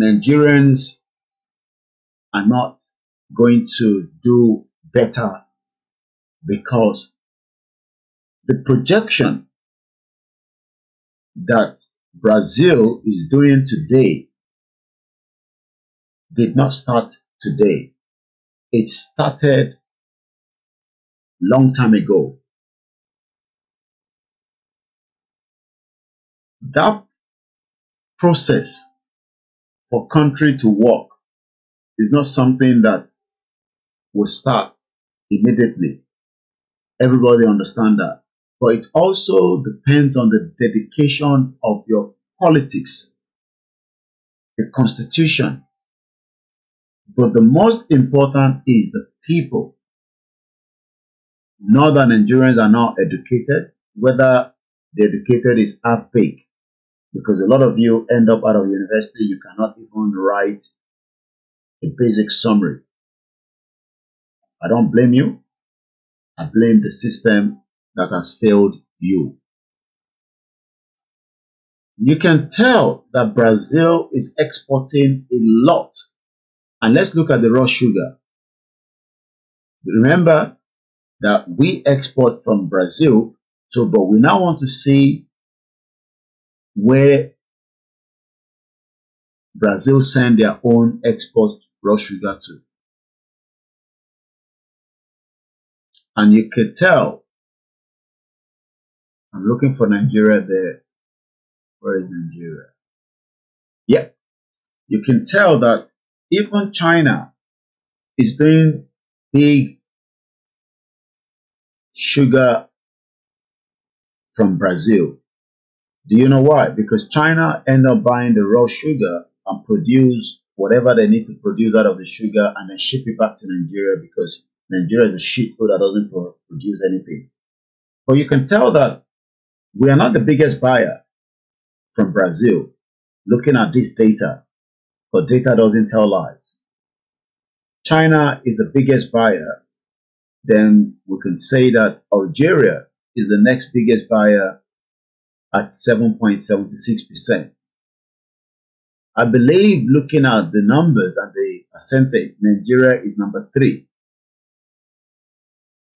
Nigerians are not going to do better because the projection that Brazil is doing today did not start today. It started long time ago. That process for country to work is not something that will start immediately. Everybody understand that. But it also depends on the dedication of your politics, the constitution, but the most important is the people. Northern Nigerians are not educated, whether the educated is half baked, because a lot of you end up out of university, you cannot even write a basic summary. I don't blame you. I blame the system that has failed you. You can tell that Brazil is exporting a lot and let's look at the raw sugar. Remember that we export from Brazil, so but we now want to see where Brazil send their own export raw sugar to. And you could tell, I'm looking for Nigeria there. Where is Nigeria? Yeah, you can tell that even China is doing big sugar from Brazil. Do you know why? Because China end up buying the raw sugar and produce whatever they need to produce out of the sugar and then ship it back to Nigeria because Nigeria is a shitload that doesn't produce anything. But you can tell that we are not the biggest buyer from Brazil looking at this data but data doesn't tell lies. China is the biggest buyer, then we can say that Algeria is the next biggest buyer at 7.76%. I believe looking at the numbers and the percentage, Nigeria is number three.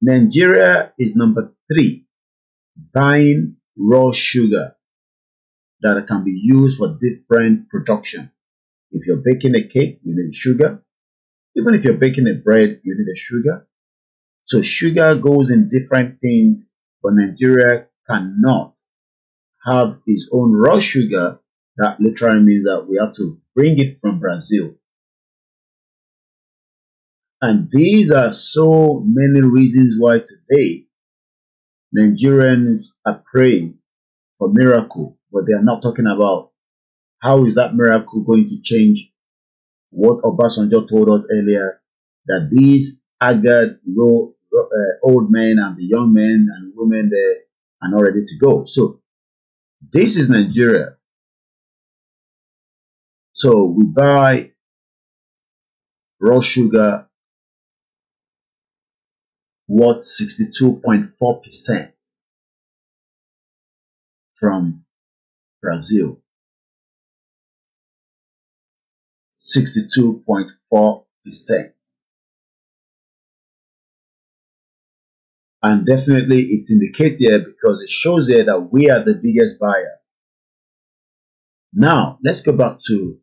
Nigeria is number three buying raw sugar that can be used for different production. If you're baking a cake, you need sugar. Even if you're baking a bread, you need a sugar. So sugar goes in different things, but Nigeria cannot have its own raw sugar. That literally means that we have to bring it from Brazil. And these are so many reasons why today Nigerians are praying for miracle, but they are not talking about how is that miracle going to change what Obasanjo told us earlier that these agad uh, old men and the young men and women there are not ready to go? So this is Nigeria. So we buy raw sugar worth 62.4% from Brazil. 62.4%. And definitely it's indicated here because it shows here that we are the biggest buyer. Now, let's go back to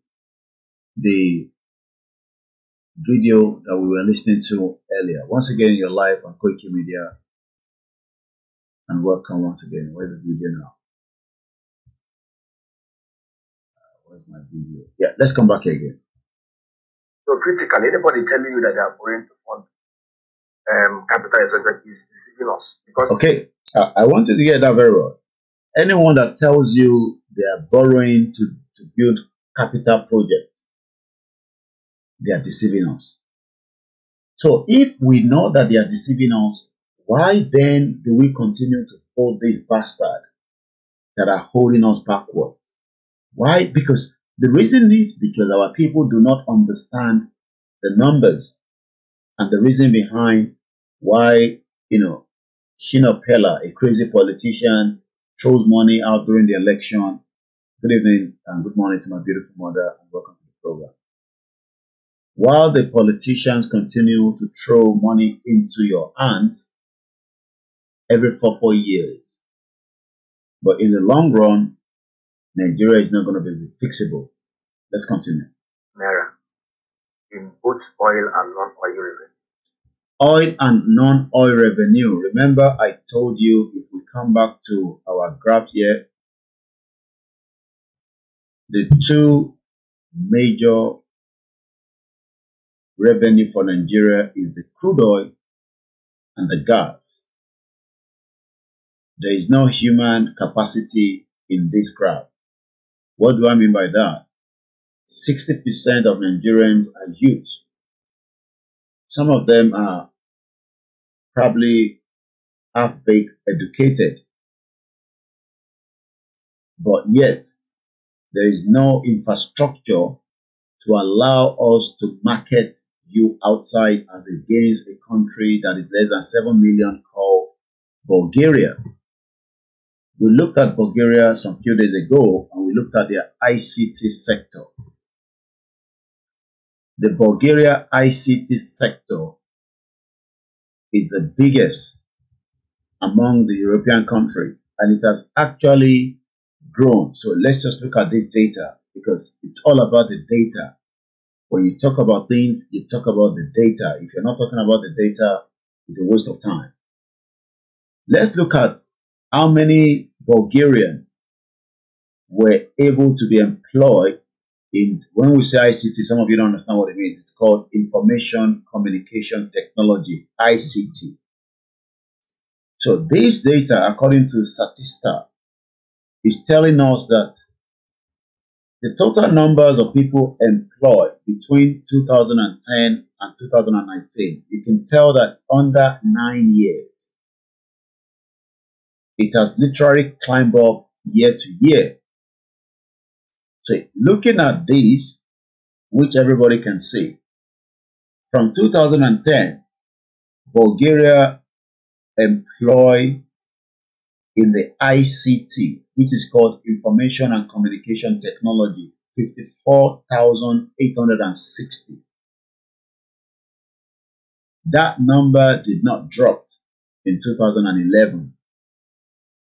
the video that we were listening to earlier. Once again, you're live on Quickie Media. And welcome once again. Where's the video now? Uh, where's my video? Yeah, let's come back again. So critical. anybody telling you that they are borrowing to fund um, capital expenditure is deceiving us. Because okay, I, I want you to hear that very well. Anyone that tells you they are borrowing to, to build capital project, they are deceiving us. So if we know that they are deceiving us, why then do we continue to hold these bastards that are holding us backward? Why? Because the reason is because our people do not understand the numbers and the reason behind why, you know, Shino Pella, a crazy politician, throws money out during the election. Good evening and good morning to my beautiful mother and welcome to the program. While the politicians continue to throw money into your hands every four, four years, but in the long run, Nigeria is not going to be fixable. Let's continue. Naira in both oil and non-oil revenue. Oil and non-oil revenue. Remember, I told you if we come back to our graph here, the two major revenue for Nigeria is the crude oil and the gas. There is no human capacity in this graph. What do I mean by that? 60% of Nigerians are youth. Some of them are probably half-baked educated. But yet, there is no infrastructure to allow us to market you outside as against a country that is less than 7 million called Bulgaria. We looked at Bulgaria some few days ago and we looked at their ICT sector. The Bulgaria ICT sector is the biggest among the European countries and it has actually grown. So let's just look at this data because it's all about the data. When you talk about things, you talk about the data. If you're not talking about the data, it's a waste of time. Let's look at how many Bulgarian were able to be employed in, when we say ICT, some of you don't understand what it means. It's called Information Communication Technology, ICT. So this data, according to Statista, is telling us that the total numbers of people employed between 2010 and 2019, you can tell that under nine years, it has literally climbed up year to year. So looking at this, which everybody can see, from 2010, Bulgaria employed in the ICT, which is called Information and Communication Technology, 54,860. That number did not drop in 2011.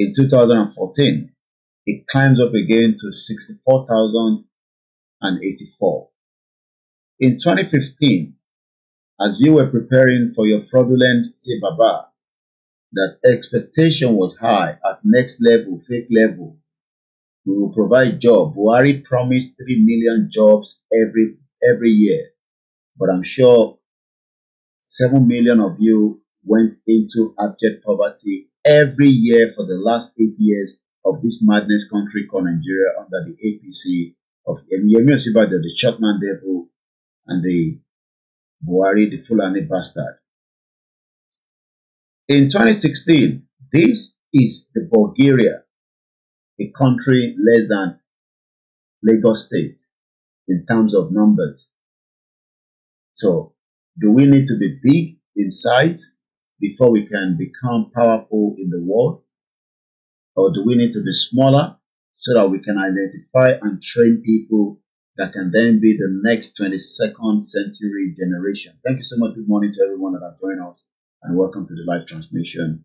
In 2014, it climbs up again to 64,084. In 2015, as you were preparing for your fraudulent Sibaba, that expectation was high at next level, fake level. We will provide job. Buhari promised 3 million jobs every, every year. But I'm sure 7 million of you went into abject poverty every year for the last eight years of this madness country called Nigeria under the APC of Yemi Osibajo, the Chapman Devil, and the Buhari, the Fulani bastard. In 2016, this is the Bulgaria, a country less than Lagos State in terms of numbers. So, do we need to be big in size? before we can become powerful in the world? Or do we need to be smaller so that we can identify and train people that can then be the next 22nd century generation? Thank you so much. Good morning to everyone that have joined us and welcome to the live transmission.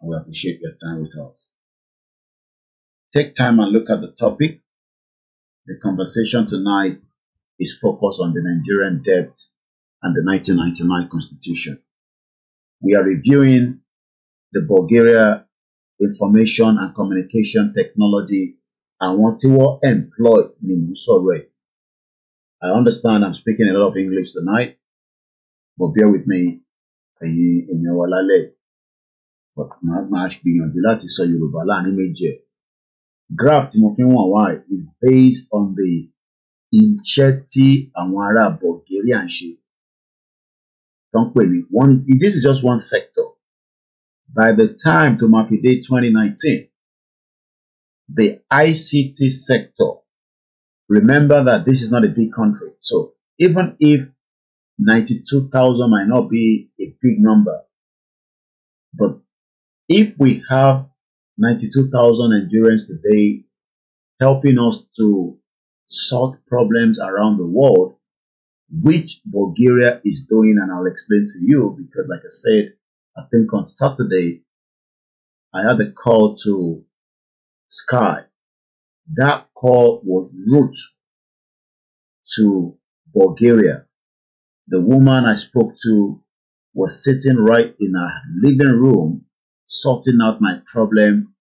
And we appreciate your time with us. Take time and look at the topic. The conversation tonight is focused on the Nigerian debt and the 1999 constitution. we are reviewing the Bulgaria Information and Communication Technology àwọn tí wọ́n employ ni I understand I'm speaking a lot of English tonight but bear with me But my wa lálẹ́ màá gbìyànjú láti sọ Yorùbá láàrin méjì ẹ̀. Graph tí mo fi ń is based on the iṣẹ́ Amara àwọn ará Bulgaria ń Don't quit me. One, this is just one sector. By the time to Mafia Day 2019, the ICT sector, remember that this is not a big country. So even if 92,000 might not be a big number, but if we have 92,000 endurance today helping us to solve problems around the world, which Bulgaria is doing, and I'll explain to you because, like I said, I think on Saturday I had a call to Sky. That call was rooted to Bulgaria. The woman I spoke to was sitting right in her living room, sorting out my problem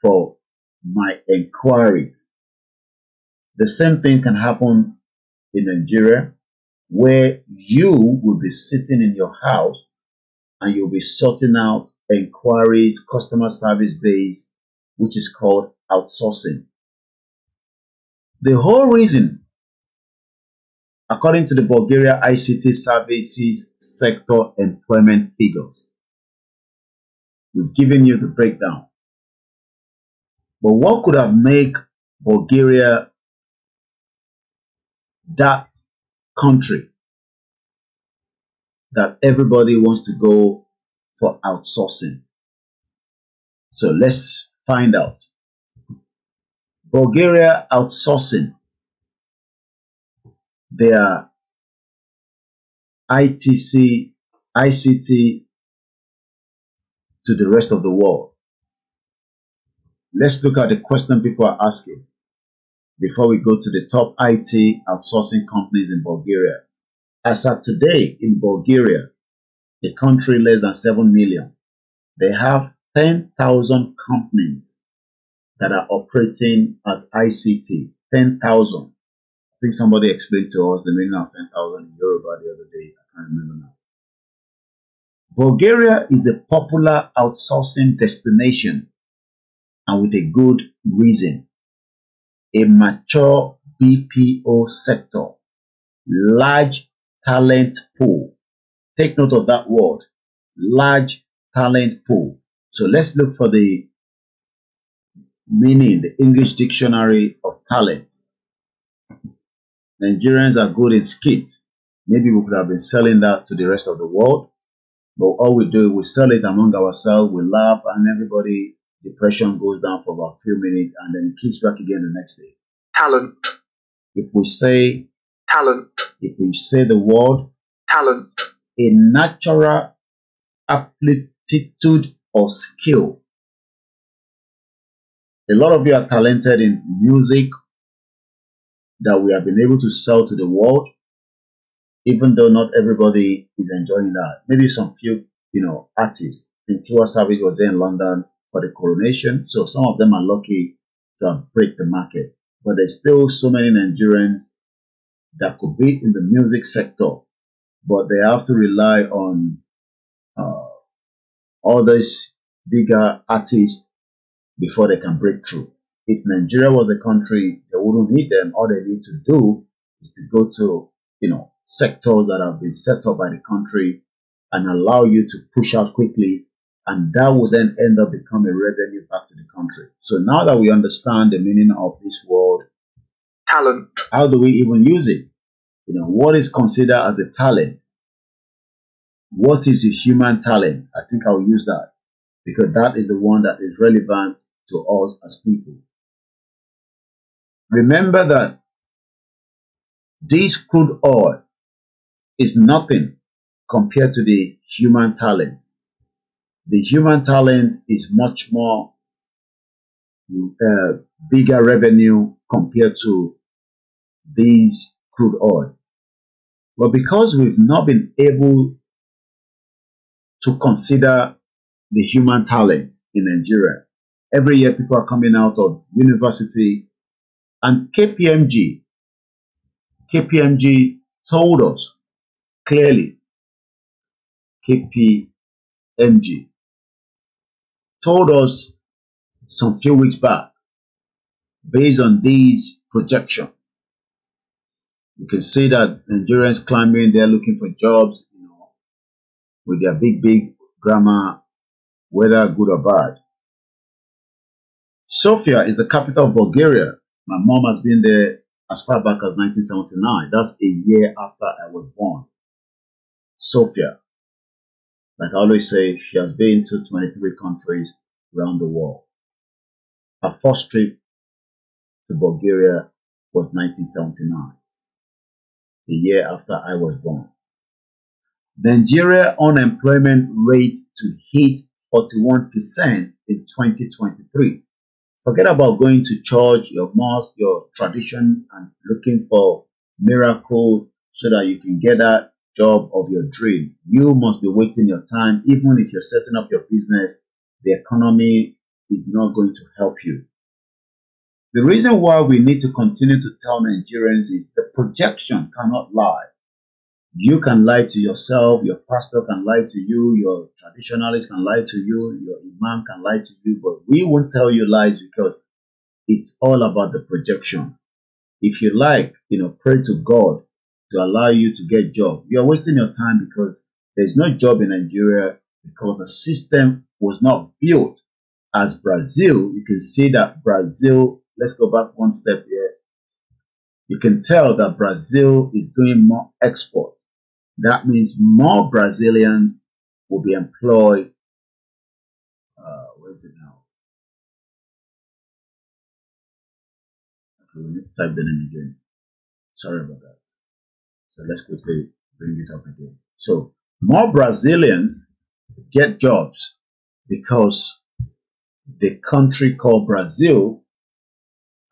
for my inquiries. The same thing can happen in Nigeria where you will be sitting in your house and you'll be sorting out inquiries, customer service base, which is called outsourcing. The whole reason, according to the Bulgaria ICT services sector employment figures, we've given you the breakdown. But what could have made Bulgaria that country that everybody wants to go for outsourcing. So let's find out. Bulgaria outsourcing their ITC, ICT to the rest of the world. Let's look at the question people are asking before we go to the top IT outsourcing companies in Bulgaria. As of today in Bulgaria, a country less than 7 million, they have 10,000 companies that are operating as ICT. 10,000. I think somebody explained to us the meaning of 10,000 in Yoruba the other day. I can't remember now. Bulgaria is a popular outsourcing destination and with a good reason a mature BPO sector, large talent pool. Take note of that word, large talent pool. So let's look for the meaning, the English dictionary of talent. Nigerians are good in skits. Maybe we could have been selling that to the rest of the world. But all we do, we sell it among ourselves, we laugh, and everybody Depression goes down for about a few minutes and then it kicks back again the next day. Talent. If we say talent, if we say the word talent, a natural aptitude or skill. A lot of you are talented in music that we have been able to sell to the world, even though not everybody is enjoying that. Maybe some few, you know, artists. I think Tiwa Savage was there in London for the coronation. So some of them are lucky to break the market. But there's still so many Nigerians that could be in the music sector, but they have to rely on uh, all these bigger artists before they can break through. If Nigeria was a country, they wouldn't need them. All they need to do is to go to, you know, sectors that have been set up by the country and allow you to push out quickly and that will then end up becoming revenue back to the country. So now that we understand the meaning of this word talent, how do we even use it? You know, what is considered as a talent? What is a human talent? I think I'll use that because that is the one that is relevant to us as people. Remember that this crude oil is nothing compared to the human talent the human talent is much more uh, bigger revenue compared to these crude oil. But because we've not been able to consider the human talent in Nigeria, every year people are coming out of university and KPMG, KPMG told us clearly, KPMG told us some few weeks back, based on these projections, you can see that Nigerians climbing, they're looking for jobs, you know, with their big, big grammar, whether good or bad. Sofia is the capital of Bulgaria. My mom has been there as far back as 1979. That's a year after I was born. Sofia. Like I always say, she has been to 23 countries around the world. Her first trip to Bulgaria was 1979, the year after I was born. The Nigeria unemployment rate to hit 41% in 2023. Forget about going to church, your mosque, your tradition, and looking for miracle so that you can get that job of your dream. You must be wasting your time. Even if you're setting up your business, the economy is not going to help you. The reason why we need to continue to tell Nigerians is the projection cannot lie. You can lie to yourself, your pastor can lie to you, your traditionalist can lie to you, your imam can lie to you, but we won't tell you lies because it's all about the projection. If you like, you know, pray to God to allow you to get job. You're wasting your time because there's no job in Nigeria because the system was not built. As Brazil, you can see that Brazil, let's go back one step here. You can tell that Brazil is doing more export. That means more Brazilians will be employed. Uh, where is it now? Okay, we need to type that name again. Sorry about that. So let's quickly bring it up again. So more Brazilians get jobs because the country called Brazil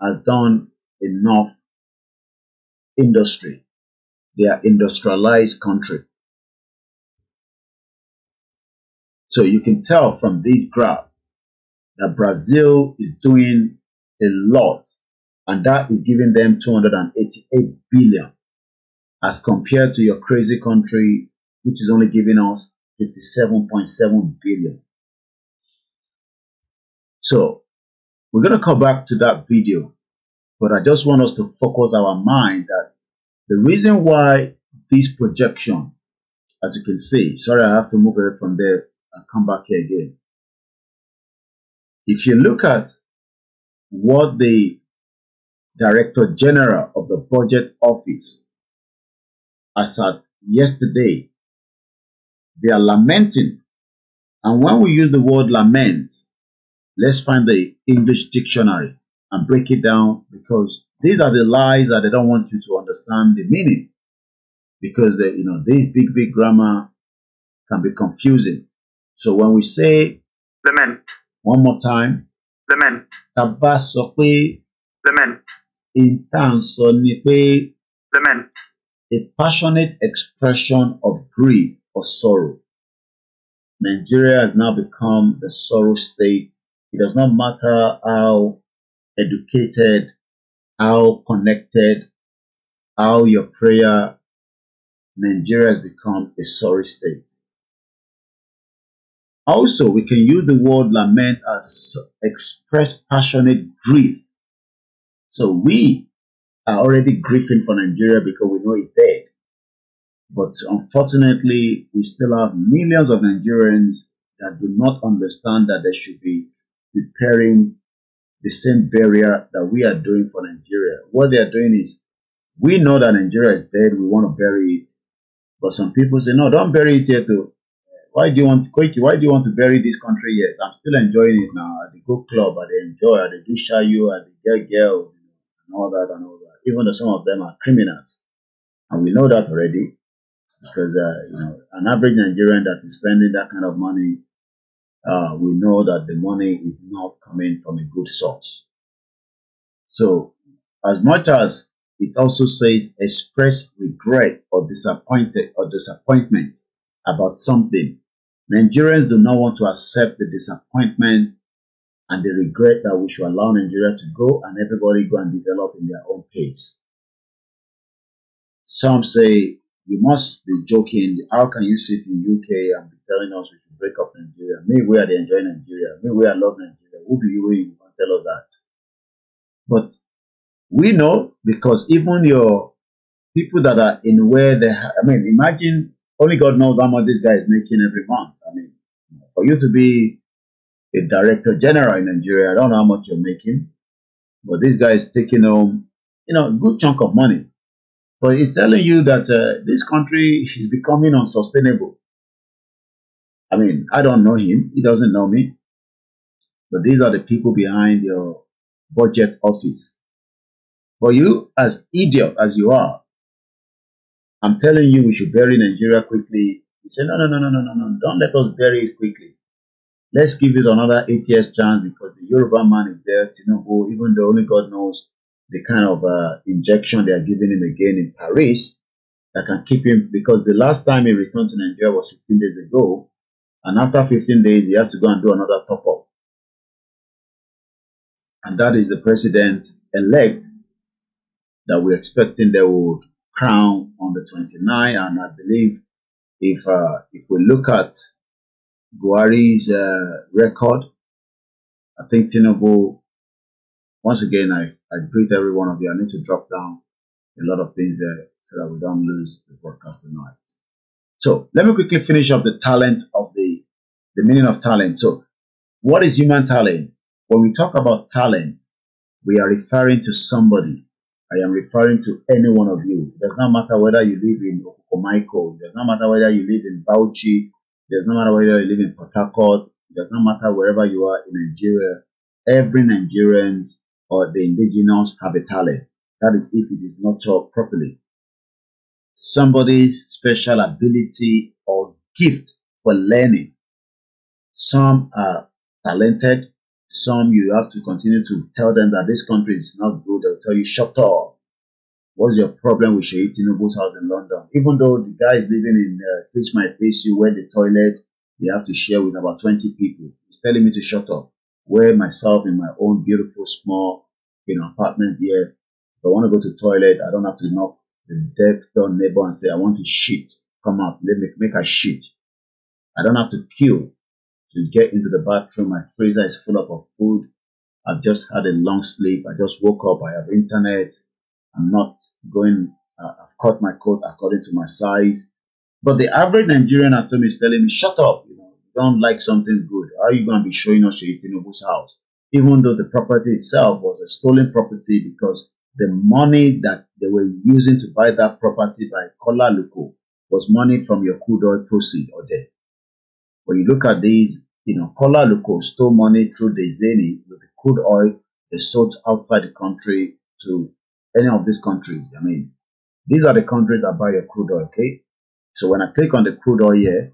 has done enough industry. They are industrialized country. So you can tell from this graph that Brazil is doing a lot and that is giving them 288 billion as compared to your crazy country, which is only giving us 57.7 billion. So we're going to come back to that video, but I just want us to focus our mind that the reason why this projection, as you can see, sorry, I have to move away from there and come back here again. If you look at what the Director General of the Budget Office as at yesterday. They are lamenting. And when we use the word lament, let's find the English dictionary and break it down because these are the lies that they don't want you to understand the meaning because they, you know this big big grammar can be confusing. So when we say lament one more time, lament. tabasokwe, lament. Ìtàn sọ lament a passionate expression of grief or sorrow. Nigeria has now become the sorrow state. It does not matter how educated, how connected, how your prayer, Nigeria has become a sorry state. Also, we can use the word lament as express passionate grief. So we are already grieving for Nigeria because we know is dead. But unfortunately, we still have millions of Nigerians that do not understand that they should be preparing the same barrier that we are doing for Nigeria. What they are doing is, we know that Nigeria is dead, we want to bury it. But some people say, no, don't bury it here too. Why do you want, Koiki, why do you want to bury this country yet? I'm still enjoying it now. At the go club, I enjoy, I do you. I get girl and all that and all that. Even though some of them are criminals. And we know that already because uh, you know, an average Nigerian that is spending that kind of money, uh, we know that the money is not coming from a good source. So, as much as it also says express regret or disappointed or disappointment about something, Nigerians do not want to accept the disappointment and the regret that we should allow Nigeria to go and everybody go and develop in their own pace. Some say, you must be joking. How can you sit in UK and be telling us we should break up Nigeria? Maybe we are enjoying Nigeria. Maybe we are loving Nigeria. Who be you you can tell us that? But we know because even your people that are in where they, ha- I mean, imagine only God knows how much this guy is making every month. I mean, for you to be a director general in Nigeria, I don't know how much you're making, but this guy is taking home, you know, a good chunk of money. But it's telling you that uh, this country is becoming unsustainable. I mean, I don't know him. He doesn't know me. But these are the people behind your budget office. For you, as idiot as you are, I'm telling you we should bury Nigeria quickly. You say, no, no, no, no, no, no, no. Don't let us bury it quickly. Let's give it another eight years chance because the Yoruba man is there, Tinubu, even though only God knows the kind of uh, injection they are giving him again in Paris that can keep him because the last time he returned to Nigeria was 15 days ago, and after 15 days he has to go and do another top up. And that is the president elect that we're expecting they would crown on the 29th. And I believe if uh, if we look at Gwari's uh, record, I think Tinubu once again, I, I greet every one of you. I need to drop down a lot of things there so that we don't lose the broadcast tonight. So let me quickly finish up the talent of the, the meaning of talent. So what is human talent? When we talk about talent, we are referring to somebody. I am referring to any one of you. It does not matter whether you live in Okomaiko. It does not matter whether you live in Bauchi. It does not matter whether you live in Port Harcourt. It does not matter wherever you are in Nigeria. Every Nigerians or the indigenous habitale. That is, if it is not taught properly. Somebody's special ability or gift for learning. Some are talented. Some you have to continue to tell them that this country is not good. They'll tell you, shut up. What's your problem with Sheikh Tinubu's house in London? Even though the guy is living in uh, Face My Face, you where the toilet you have to share with about 20 people. He's telling me to shut up, wear myself in my own beautiful small in an apartment here. If I want to go to toilet, I don't have to knock the dead door neighbor and say, I want to shit. Come up, let me make a shit. I don't have to queue to get into the bathroom. My freezer is full up of food. I've just had a long sleep. I just woke up. I have internet. I'm not going, uh, I've cut my coat according to my size. But the average Nigerian at home is telling me, shut up. You know, don't like something good. How are you going to be showing us to Tinubu's house? even though the property itself was a stolen property because the money that they were using to buy that property by Kola Luko was money from your crude oil proceed or debt. When you look at these, you know, Kola Luko stole money through the Zeni with the crude oil they sold outside the country to any of these countries. I mean, these are the countries that buy your crude oil, okay? So when I click on the crude oil here,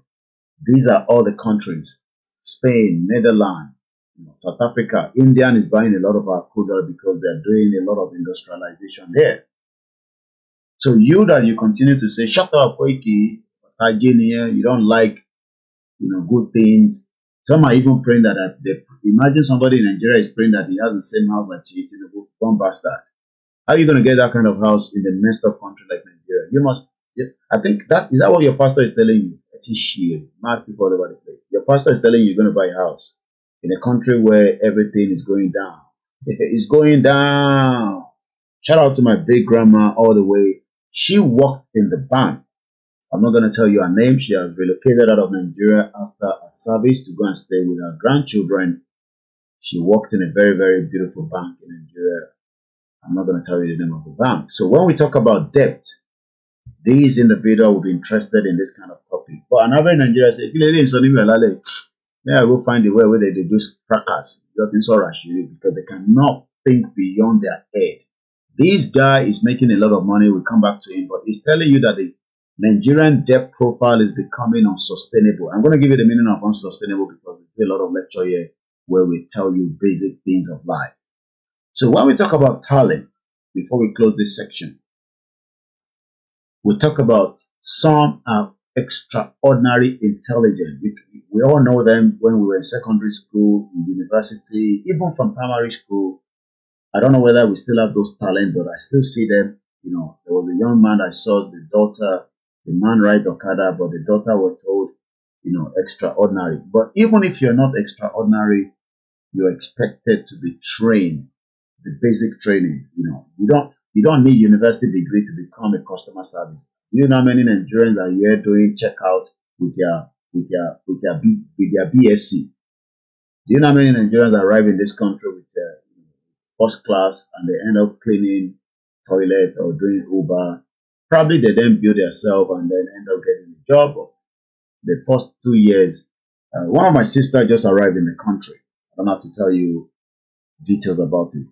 these are all the countries Spain, Netherlands, you know, South Africa. India is buying a lot of our crude oil because they are doing a lot of industrialization there. So you that you continue to say, shut up, Koiki, you don't like, you know, good things. Some are even praying that they, imagine somebody in Nigeria is praying that he has the same house like she book, one bastard. How are you going to get that kind of house in the messed up country like Nigeria? You must, I think that, is that what your pastor is telling you? It's a shield, mad people all over the place. Your pastor is telling you you're going to buy a house in a country where everything is going down. it's going down. Shout out to my big grandma all the way. She worked in the bank. I'm not going to tell you her name. She has relocated out of Nigeria after a service to go and stay with her grandchildren. She worked in a very, very beautiful bank in Nigeria. I'm not going to tell you the name of the bank. So when we talk about debt, these individuals will be interested in this kind of topic. But another Nigerian said, now I will find a way where they do fracas, nothing so rational because they cannot think beyond their head. This guy is making a lot of money. We'll come back to him, but he's telling you that the Nigerian debt profile is becoming unsustainable. I'm going to give you the meaning of unsustainable because we do a lot of lecture here where we tell you basic things of life. So when we talk about talent, before we close this section, we talk about some are extraordinary intelligent. We all know them when we were in secondary school, in university, even from primary school. I don't know whether we still have those talent, but I still see them. You know, there was a young man I saw the daughter, the man rides Okada, but the daughter was told, you know, extraordinary. But even if you're not extraordinary, you're expected to be trained, the basic training. You know, you don't you don't need university degree to become a customer service you know how many Nigerians are here doing checkout with their with their with their B, with their BSc? Do you know how many Nigerians arrive in this country with their uh, first class and they end up cleaning toilet or doing Uber? Probably they then build themselves and then end up getting a job. The first two years, uh, one of my sister just arrived in the country. I don't have to tell you details about it.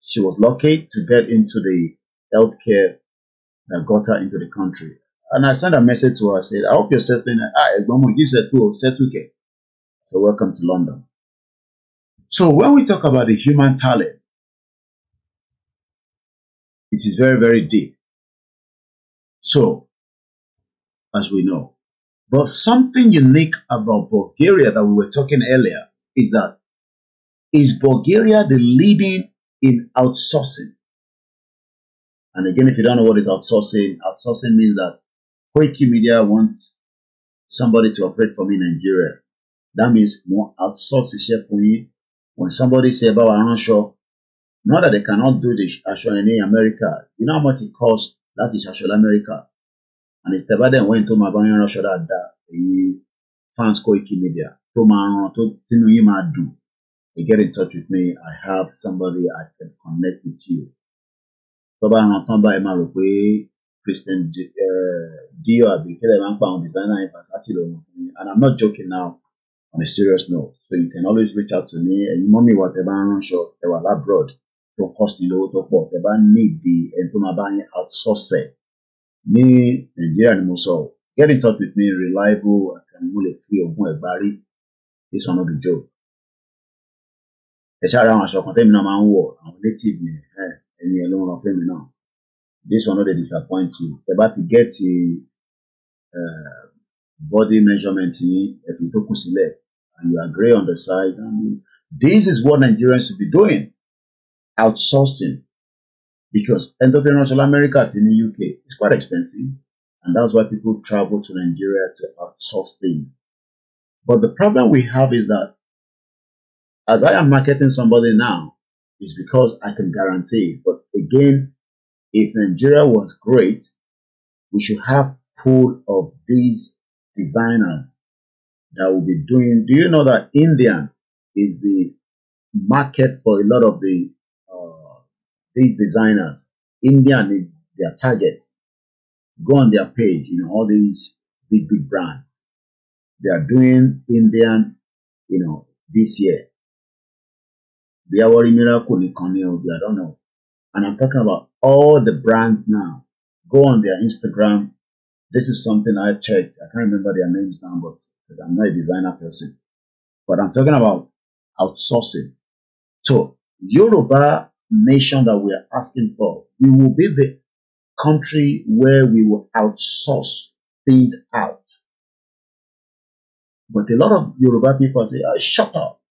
She was lucky to get into the healthcare that got her into the country. And I sent a message to her. I said, I hope you're settling. Ah, Egbomo, this is too settle So welcome to London. So when we talk about the human talent, it is very, very deep. So, as we know, but something unique about Bulgaria that we were talking earlier is that is Bulgaria the leading in outsourcing? And again, if you don't know what is outsourcing, outsourcing means that Koiki Media wants somebody to operate for me in Nigeria. That means more outsourcing iṣẹ́ fún yín. When somebody say about aránṣọ, not that they cannot do this aṣọ in America. You know how much it costs That is ṣaṣọ America. And if Tẹ́bá then wẹ́n to my bá yín ránṣọ dáadáa, èyí fans Koiki Media To my, to tó tínú yín máa dùn. They get in touch with me. I have somebody I can connect with you tó bá ran tán báyìí máa rò pé Christian Dio, àbí kílẹ̀ máa ń pa àwọn designer yẹn Versace lòun fún mi and I'm not joking now on a serious note so you can always reach out to me ẹ̀yin mọ́mí wa tẹ́ bá ń ránṣọ ẹ wà lábroad tó cost ní lówó tó pọ̀ tẹ́ bá níìdì ẹni tó máa bá yín outsource ẹ̀ ní Nàìjíríà ni mo sọ ọ́ get in touch with me reliable àkànmú lè fi ogún ẹ̀ parí this one no be joke ẹ ṣáà ra àwọn aṣọ kan tẹ́mi náà máa ń wọ̀ àwọn native ni Any alone ràn fẹ́mi náà this one not disappoint you But bá get uh, body measurement yín if fi tó kù and you agree on the size and this is what Nigerians should be doing outsourcing because endofinancial America in the UK it's quite expensive and that's why people travel to Nigeria to outsource things but the problem we have is that as I am marketing somebody now is because I can guarantee it. But again, if Nigeria was great, we should have full of these designers that will be doing. Do you know that India is the market for a lot of the uh, these designers? India is their target. Go on their page, you know, all these big big brands. They are doing Indian, you know, this year. The Awari Miracle in Cornell, I don't know. And I'm talking about all the brands now. Go on their Instagram. This is something I checked. I can't remember their names now, but I'm not a designer person. But I'm talking about outsourcing. So Yoruba nation that we are asking for, we will be the country where we will outsource things out. But a lot of Yoruba people say, oh, shut up.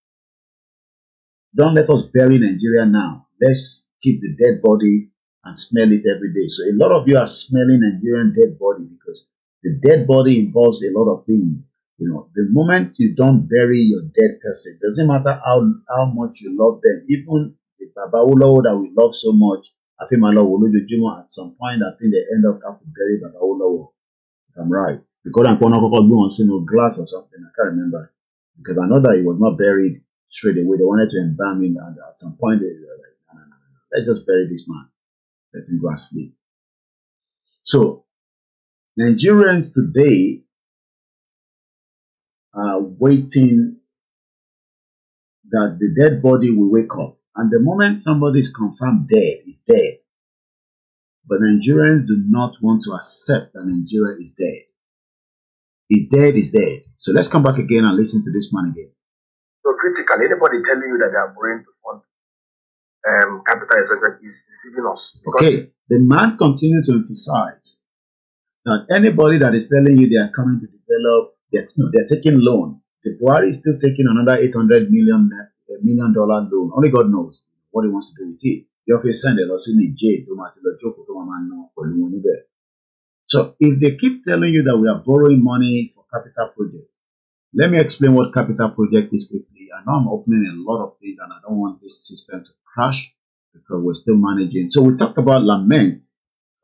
Don't let us bury Nigeria now. Let's keep the dead body and smell it every day. So a lot of you are smelling Nigerian dead body because the dead body involves a lot of things. You know, the moment you don't bury your dead person, doesn't matter how, how much you love them, even the Babawulawo that we love so much, Afimalawo lójoojúmọ́, at some point, I think they end up having to bury Babawulawo, if I'm right. Because I'm going to go on a glass or something, I can't remember. Because I know that he was not buried straight away. They wanted to embalm him, and at some point they were like, no, no, no, no. let's just bury this man. Let him go asleep. So, Nigerians today are waiting that the dead body will wake up. And the moment somebody is confirmed dead, is dead. But Nigerians do not want to accept that Nigeria is dead. Is dead, is dead. So let's come back again and listen to this man again. So critical, anybody telling you that they are borrowing to fund um, capital is deceiving us. Okay, the man continued to emphasize that anybody that is telling you they are coming to develop, they're, no, they're taking loan. The Buhari is still taking another 800 million uh, million dollar loan. Only God knows what he wants to do with it. The office send lọ sí Niger tó So if they keep telling you that we are borrowing money for capital projects, let me explain what capital project is quickly. I know I'm opening a lot of things and I don't want this system to crash because we're still managing. So we talked about lament.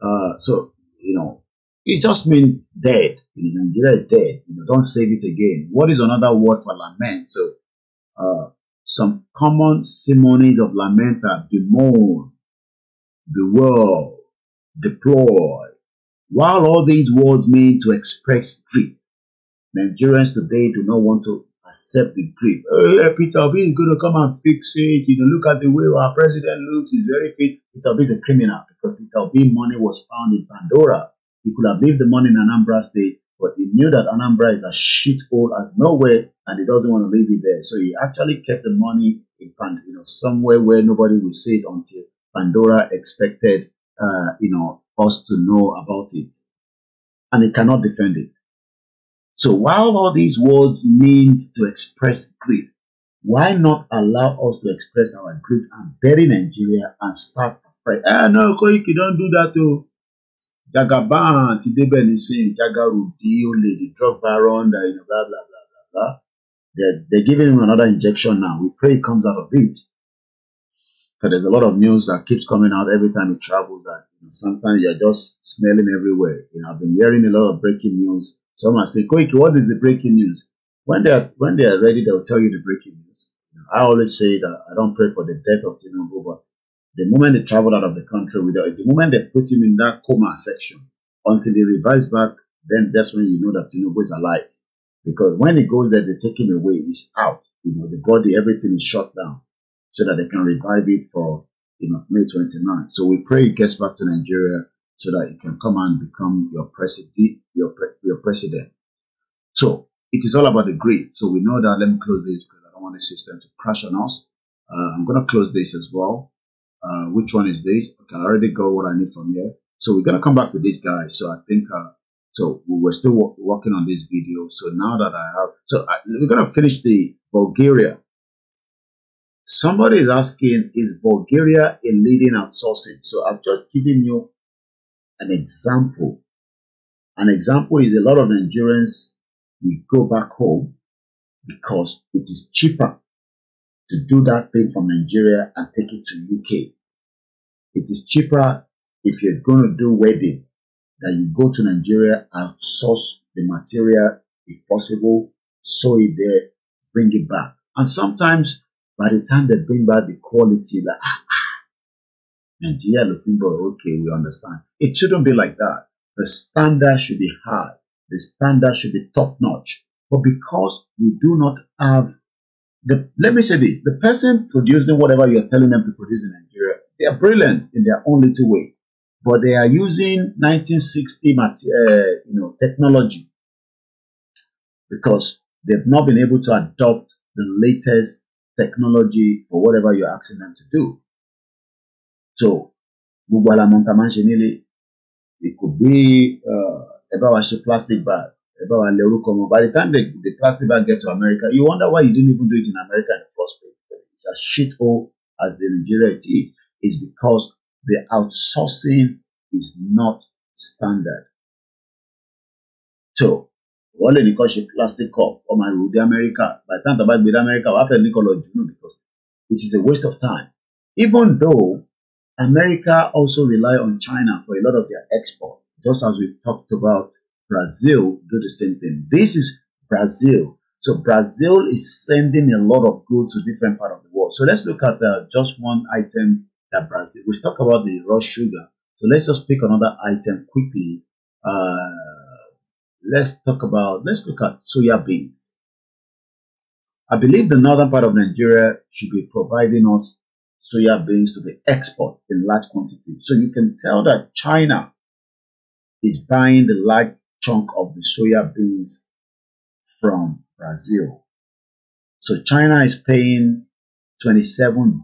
Uh, so, you know, it just means dead. You know, Nigeria is dead. You know, don't save it again. What is another word for lament? So, uh, some common synonyms of lament are bemoan, bewail, deplore. While all these words mean to express grief, Nigerians today do not want to accept the grief. Oh, Peter Obi is going to come and fix it. You know, look at the way our president looks. He's very fit. Peter Obi is a criminal because Peter Obi money was found in Pandora. He could have left the money in Anambra State, but he knew that Anambra is a shithole as nowhere, and he doesn't want to leave it there. So he actually kept the money in Pandora, you know, somewhere where nobody will see it until Pandora expected, uh, you know, us to know about it, and he cannot defend it. So while all these words mean to express grief, why not allow us to express our grief and bury Nigeria and start afresh? Ah, no, Koiki, don't do that. Oh. Jagaban, Tidebe Nisin, Jagarudi, Lady Drug Baron, blah, blah, blah, blah, blah. They're, they're giving him another injection now. We pray he comes out of it. Because there's a lot of news that keeps coming out every time he travels. That you know, sometimes you're just smelling everywhere. You know, I've been hearing a lot of breaking news Someone say, Quick, what is the breaking news? When they are when they are ready, they'll tell you the breaking news. I always say that I don't pray for the death of Tinubu, but the moment they travel out of the country without the moment they put him in that coma section until he revives back, then that's when you know that Tinubu is alive. Because when he goes there, they take him away, he's out. You know, the body, everything is shut down so that they can revive it for you know May 29th. So we pray he gets back to Nigeria so that he can come and become your president. Your, pre your president. So it is all about the grid. So we know that. Let me close this because I don't want the system to crash on us. Uh, I'm going to close this as well. Uh, which one is this? Okay, I already got what I need from here. So we're going to come back to this guy. So I think, uh, so we were still working on this video. So now that I have, so I, we're going to finish the Bulgaria. Somebody is asking, is Bulgaria a leading outsourcing? So I've just given you an example. An example is a lot of Nigerians We go back home because it is cheaper to do that thing from Nigeria and take it to UK. It is cheaper if you're going to do wedding that you go to Nigeria and source the material if possible, sew it there, bring it back. And sometimes by the time they bring back the quality, like, ah, and Nigeria Lutimbo, okay, we understand. It shouldn't be like that. The standard should be high. The standard should be top notch. But because we do not have the, let me say this, the person producing whatever you're telling them to produce in Nigeria, they are brilliant in their own little way. But they are using 1960 uh, you know, technology because they've not been able to adopt the latest technology for whatever you're asking them to do. so gbogbo alamọ ta máa ń ṣe nílé èkó bí uh, ẹ bá wa ṣe plastic bag ẹ bá wa lẹ orúkọ mọ by the time the, the plastic bag get to America you wonder why you didn't even do it in America in the first place it's as shit hole as the Nigeria it is it's because the outsourcing is not standard so wọ́n lè ní kọ́ ṣe plastic cup ọmọ ìrò dé America by the time tàbá gbé dé America wàá fẹ́ ní kọ́ lọ jùlọ because it is a waste of time even though America also rely on China for a lot of their export, just as we talked about Brazil do the same thing. This is Brazil. So Brazil is sending a lot of goods to different part of the world. So let's look at uh, just one item that Brazil. we talk talked about the raw sugar. So let's just pick another item quickly. Uh, let's talk about, let's look at soya beans. I believe the northern part of Nigeria should be providing us soya beans to be exported in large quantities. So you can tell that China is buying the large chunk of the soya beans from Brazil. So China is paying $27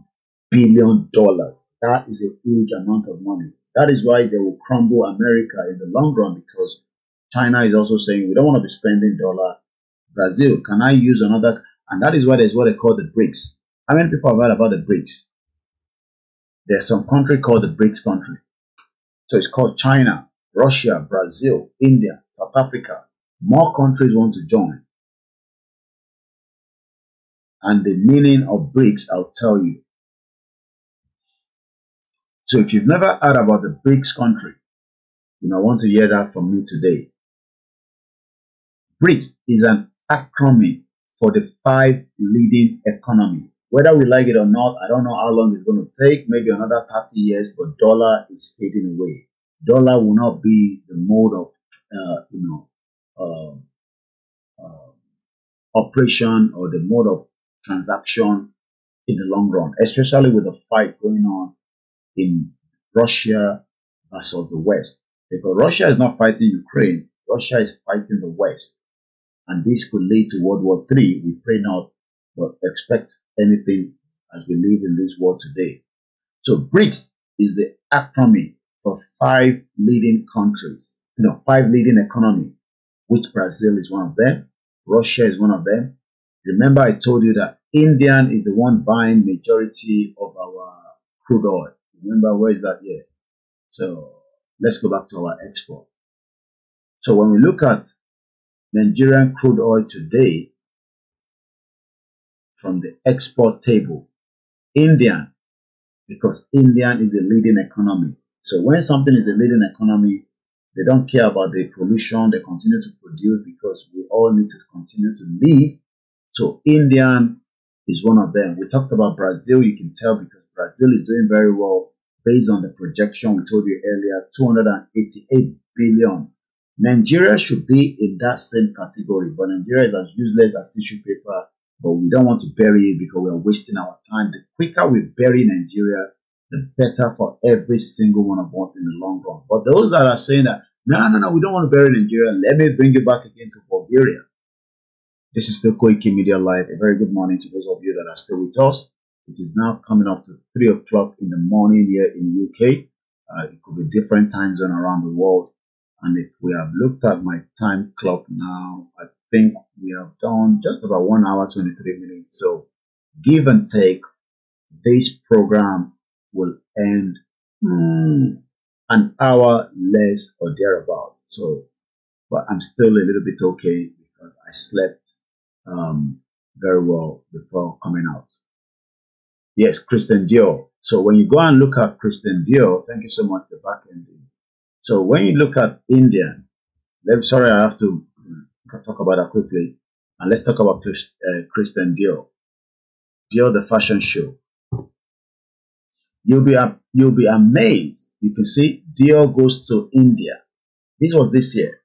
billion. That is a huge amount of money. That is why they will crumble America in the long run because China is also saying, we don't want to be spending dollar. Brazil, can I use another? And that is why there's what they call the BRICS. How many people have heard about the BRICS? There's some country called the BRICS country. So it's called China, Russia, Brazil, India, South Africa. More countries want to join. And the meaning of BRICS, I'll tell you. So if you've never heard about the BRICS country, you know, I want to hear that from me today. BRICS is an acronym for the five leading economies whether we like it or not, I don't know how long it's going to take, maybe another 30 years, but dollar is fading away. Dollar will not be the mode of, uh, you know, uh, uh, operation or the mode of transaction in the long run, especially with the fight going on in Russia versus the West. Because Russia is not fighting Ukraine, Russia is fighting the West. And this could lead to World War III. We pray not but expect anything as we live in this world today. So BRICS is the acronym for five leading countries, you know, five leading economy, which Brazil is one of them, Russia is one of them. Remember I told you that Indian is the one buying majority of our crude oil. Remember where is that? Yeah. So let's go back to our export. So when we look at Nigerian crude oil today, from the export table. Indian, because Indian is the leading economy. So when something is the leading economy, they don't care about the pollution. They continue to produce because we all need to continue to live. So Indian is one of them. We talked about Brazil. You can tell because Brazil is doing very well based on the projection we told you earlier, 288 billion. Nigeria should be in that same category, but Nigeria is as useless as tissue paper but we don't want to bury it because we are wasting our time. The quicker we bury Nigeria, the better for every single one of us in the long run. But those that are saying that, no, no, no, we don't want to bury Nigeria, let me bring you back again to Bulgaria. This is still Koike Media Live. A very good morning to those of you that are still with us. It is now coming up to 3 o'clock in the morning here in UK. Uh, it could be different time zone around the world. And if we have looked at my time clock now, I think we have done just about one hour, 23 minutes. So give and take, this program will end mm, an hour less or thereabout. So, but I'm still a little bit okay because I slept um, very well before coming out. Yes, Christian Dior. So when you go and look at Christian Dior, thank you so much, the back end. So when you look at India, I'm sorry I have to can talk about that quickly. And let's talk about Chris, uh, Kristen Dior. Dior, the fashion show. You'll be, you'll be amazed. You can see Dior goes to India. This was this year.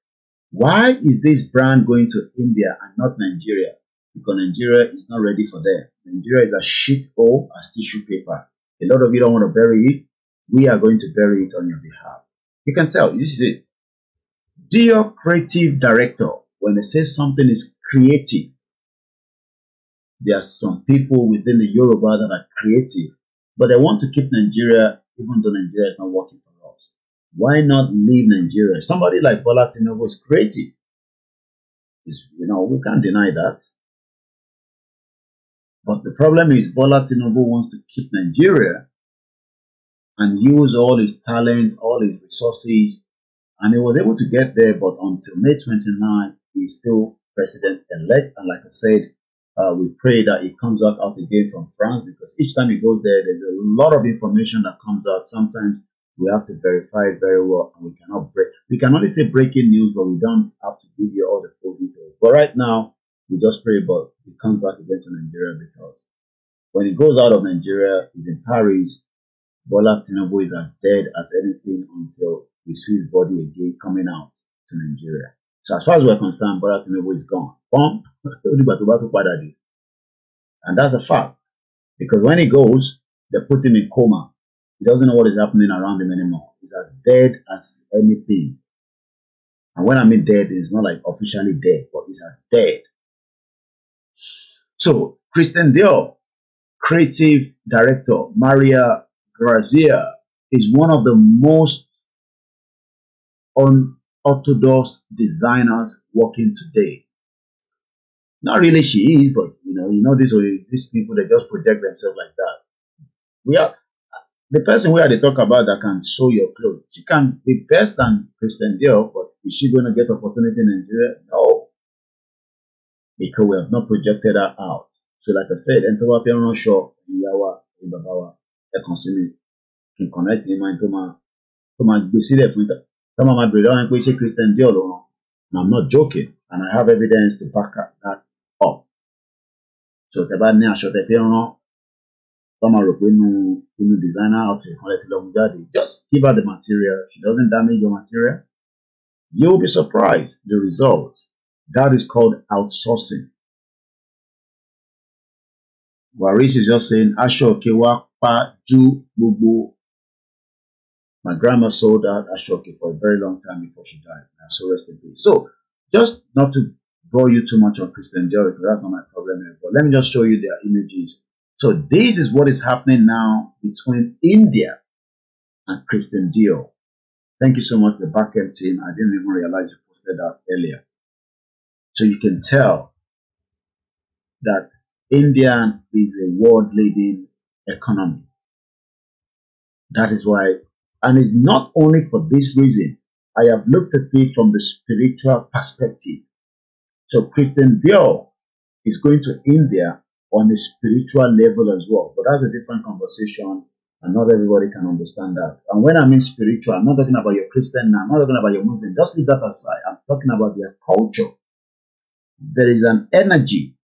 Why is this brand going to India and not Nigeria? Because Nigeria is not ready for them. Nigeria is a shit hole as tissue paper. A lot of you don't want to bury it. We are going to bury it on your behalf. You can tell, this is it. Dior creative director, when they say something is creative, there are some people within the Yoruba that are creative, but they want to keep Nigeria even though Nigeria is not working for us. Why not leave Nigeria? Somebody like Bola Tinubu is creative. Is you know we can't deny that. But the problem is Bola wants to keep Nigeria and use all his talent, all his resources, and he was able to get there. But until May 29, He's still president elect. And like I said, uh, we pray that he comes out out again from France because each time he goes there, there's a lot of information that comes out. Sometimes we have to verify it very well, and we cannot break. We can only say breaking news, but we don't have to give you all the full details. But right now, we just pray about he comes back again to Nigeria because when he goes out of Nigeria, he's in Paris. Bola Tinubu is as dead as anything until we see his body again coming out to Nigeria. So as far as we're concerned, Bola Tinubu is gone. and that's a fact. Because when he goes, they put him in coma. He doesn't know what is happening around him anymore. He's as dead as anything. And when I mean dead, it's not like officially dead, but he's as dead. So, Christian Dior, creative director, Maria Grazia, is one of the most on orthodox designers working today. Not really she is, but you know, you know these these people they just project themselves like that. We are the person we where to talk about that can sew your clothes. She can be best than Christian Dior, but is she going to get opportunity in Nigeria? No, because we have not projected her out. So, like I said, ẹni tó bá fẹ́ ránṣọ ìyá wa ní bàbá wa ẹ kàn sí connect him into my, máa tó máa gbé sílẹ̀ fún Some of my brethren, which Christian deal on. I'm not joking, and I have evidence to back that up. So tẹ́ bá ní aṣọ tẹ́ fi Some tọmọ rò pé inú inú designer outfit kan lẹ ti lọ just give her the material she doesn't damage your material You'll be surprised the result that is called outsourcing. Waris is just saying aṣọ òkè pa ju gbogbo My grandma sold out Ashoka for a very long time before she died. so rest in peace. So, just not to bore you too much on Christian Dior, because that's not my problem here, but let me just show you their images. So, this is what is happening now between India and Christian Dior. Thank you so much, the backend team. I didn't even realize you posted that earlier. So, you can tell that India is a world leading economy. That is why and it's not only for this reason. I have looked at it from the spiritual perspective. So Christian Dior is going to India on a spiritual level as well. But that's a different conversation, and not everybody can understand that. And when I mean spiritual, I'm not talking about your Christian, I'm not talking about your Muslim. Just leave that aside. I'm talking about their culture. There is an energy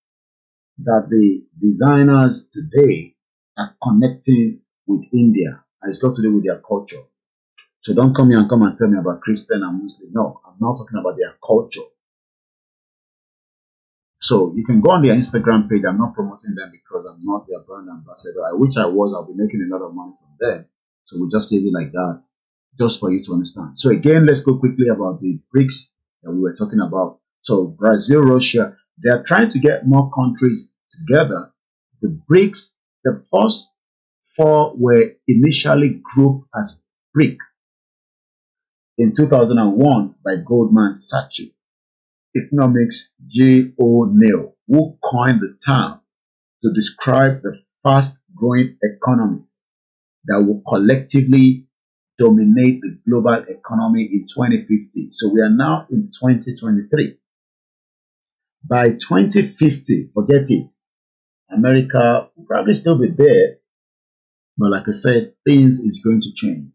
that the designers today are connecting with India and it's got to do with their culture. So don't come here and come and tell me about Christian and Muslim. No, I'm not talking about their culture. So you can go on their Instagram page. I'm not promoting them because I'm not their brand ambassador. I wish I was. I'll be making a lot of money from them. So we'll just leave it like that, just for you to understand. So again, let's go quickly about the BRICS that we were talking about. So Brazil, Russia, they are trying to get more countries together. The BRICS, the first four were initially grouped as BRIC in 2001 by Goldman Sachs economics J. O. O'Neill, who coined the term to describe the fast-growing economies that will collectively dominate the global economy in 2050. So we are now in 2023. By 2050, forget it, America will probably still be there, but like I said, things is going to change.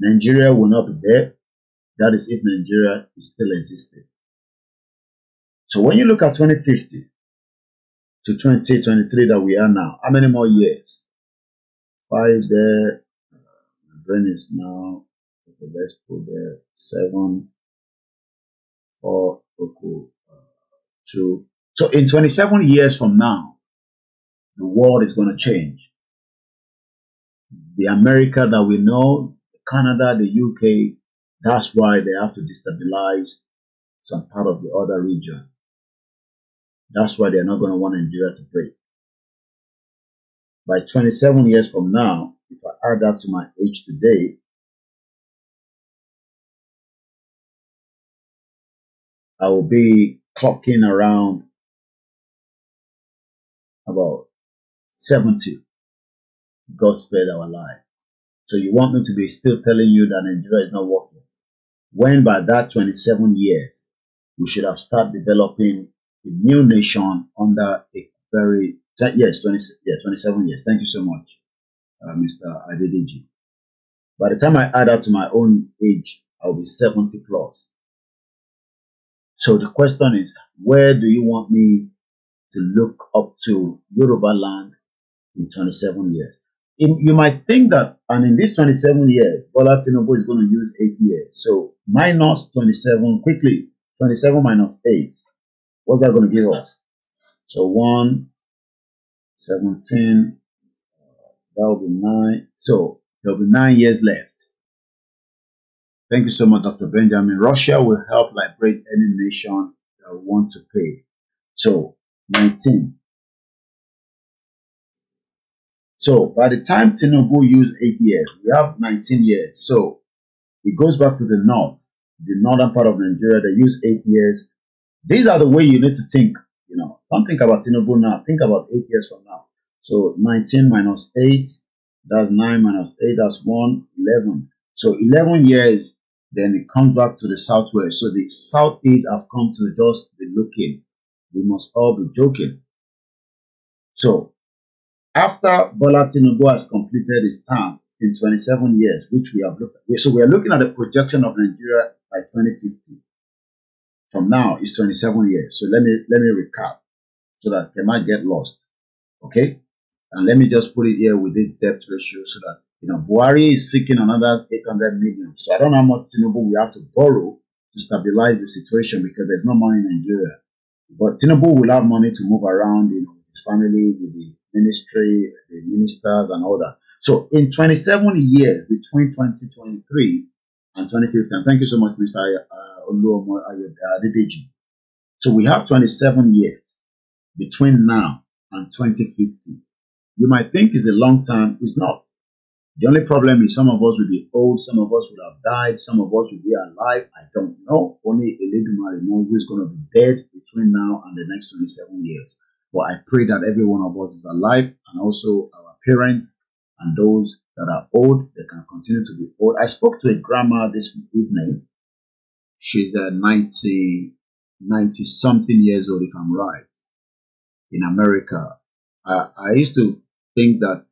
Nigeria will not be there. That is if Nigeria is still existing. So when you look at 2050 to 2023 that we are now, how many more years? Five is there. my brain is now. Okay, let's put there seven, four, okay, uh, two. So in 27 years from now, the world is going to change the America that we know, Canada, the UK, that's why they have to destabilize some part of the other region. That's why they're not going to want Nigeria to break. By 27 years from now, if I add that to my age today, I will be clocking around about 70. God spared our life. So you want me to be still telling you that Nigeria is not working? When by that 27 years, we should have started developing a new nation under a very, yes, 20, yeah, 27 years. Thank you so much, uh, Mr. Adediji. By the time I add up to my own age, I'll be 70 plus. So the question is, where do you want me to look up to Yoruba land in 27 years? in, you might think that, and in this 27 years, Bola Tinobu is going to use 8 years. So minus 27 quickly. 27 minus 8. What's that going to give us? So 1, 17, that will be 9. So there'll be 9 years left. Thank you so much, Dr. Benjamin. Russia will help liberate any nation that want to pay. So 19. So by the time Tinubu used eight years, we have 19 years. So it goes back to the north, the northern part of Nigeria. They use eight years. These are the way you need to think. You know, don't think about Tinubu now. Think about eight years from now. So 19 minus 8, that's 9 minus 8, that's 1, 11. So 11 years, then it comes back to the southwest. So the southeast have come to just be looking. We must all be joking. So after Bola Tinubu has completed his term in 27 years, which we have looked at. So we are looking at the projection of Nigeria by 2050. From now, it's 27 years. So let me let me recap so that they might get lost. Okay? And let me just put it here with this debt ratio so that you know Buhari is seeking another 800 million. So I don't know how much Tinubu we have to borrow to stabilize the situation because there's no money in Nigeria. But Tinubu will have money to move around, you know, with his family, with the ministry, the ministers, and all that. So in 27 years between 2023 and 2015, thank you so much, Mr. Uh, Oluomo uh, uh, So we have 27 years between now and 2050. You might think it's a long time. It's not. The only problem is some of us will be old, some of us will have died, some of us will be alive. I don't know. Only Eledumare knows who's going to be dead between now and the next 27 years. But I pray that every one of us is alive and also our parents and those that are old, they can continue to be old. I spoke to a grandma this evening. She's uh, 90, 90 something years old, if I'm right, in America. I, I used to think that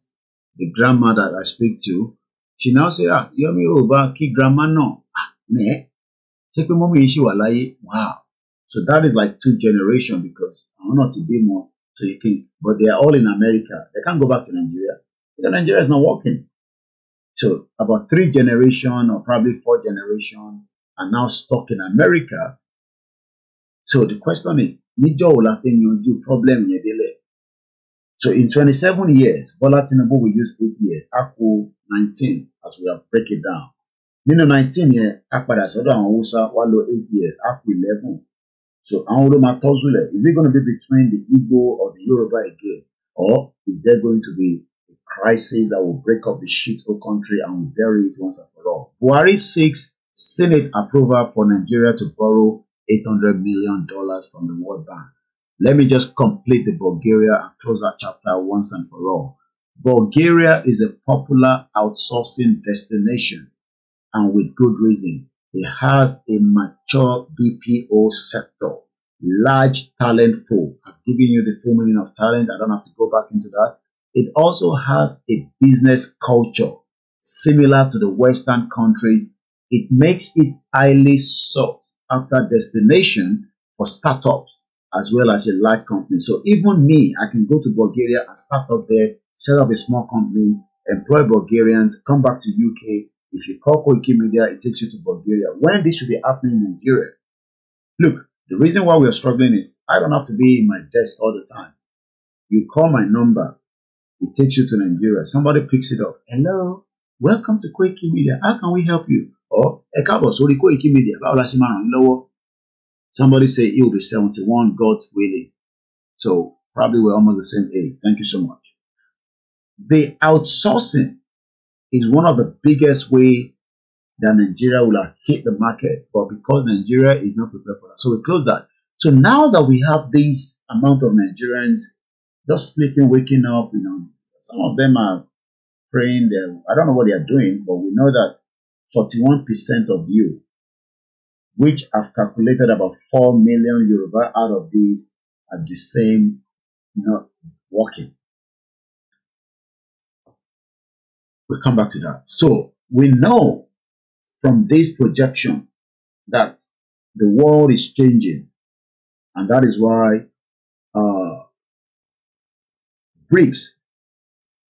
the grandma that I speak to, she now say, ah, Yomi over oh, ki grandma no. Ah, me. Check my mommy, she was wow. So that is like two generation because Not náà ti more, to a king but they are all in America they can't go back to Nigeria because Nigeria is not working so about three generation or probably four generation are now stuck in America so the question is níjọ́ will la fi yanjú problem yẹn délẹ̀ so in twenty-seven years Bola Tinubu will use eight years akpo nineteen as we have break it down nínú nineteen yẹn a padà sọ́dọ̀ àwọn Hausa wá lò eight years akpo eleven So àwọn ló máa Is it going to be between the Igbo or the Yoruba again? Or is there going to be a crisis that will break up the shithole country and will bury it once and for all? Buhari seeks Senate approval for Nigeria to borrow $800 million from the World Bank. Let me just complete the Bulgaria and close that chapter once and for all. Bulgaria is a popular outsourcing destination and with good reason. It has a mature BPO sector, large talent pool. I've given you the full meaning of talent. I don't have to go back into that. It also has a business culture similar to the Western countries. It makes it highly sought after destination for startups as well as a large company. So even me, I can go to Bulgaria and start up there, set up a small company, employ Bulgarians, come back to UK if you call Koiki Media, it takes you to Bulgaria. When this should be happening in Nigeria. Look, the reason why we are struggling is I don't have to be in my desk all the time. You call my number, it takes you to Nigeria. Somebody picks it up. Hello, welcome to Koiki Media. How can we help you? Or oh, Ekabo, sorry, Koiki Media. Somebody say he will be 71, God willing. So probably we're almost the same age. Thank you so much. The outsourcing is one of the biggest way that Nigeria will have hit the market, but because Nigeria is not prepared for that. So we close that. So now that we have this amount of Nigerians just sleeping, waking up, you know, some of them are praying. I don't know what they are doing, but we know that 41% of you, which have calculated about 4 million Yoruba out of these, are the same, not working. We'll come back to that. So we know from this projection that the world is changing. And that is why uh, BRICS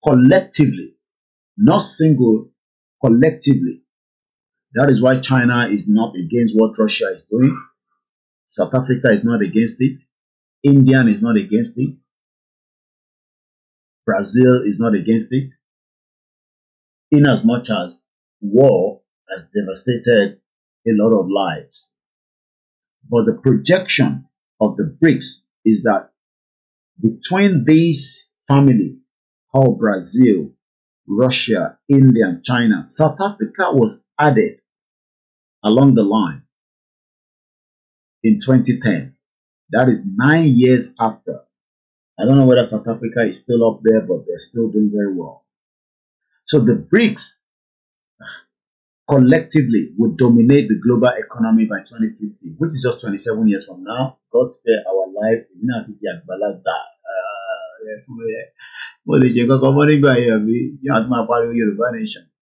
collectively, not single, collectively. That is why China is not against what Russia is doing. South Africa is not against it. India is not against it. Brazil is not against it. In as much as war has devastated a lot of lives. But the projection of the BRICS is that between this family called Brazil, Russia, India, and China, South Africa was added along the line in 2010. That is nine years after. I don't know whether South Africa is still up there, but they're still doing very well. So the BRICS collectively would dominate the global economy by 2050, which is just 27 years from now. God spare our lives. Èmi náà ti di àgbàlagbà uh, fún ẹ. Mo lè ṣe kankan mọ́ nígbà yẹn mi. Yóò àti máa pariwo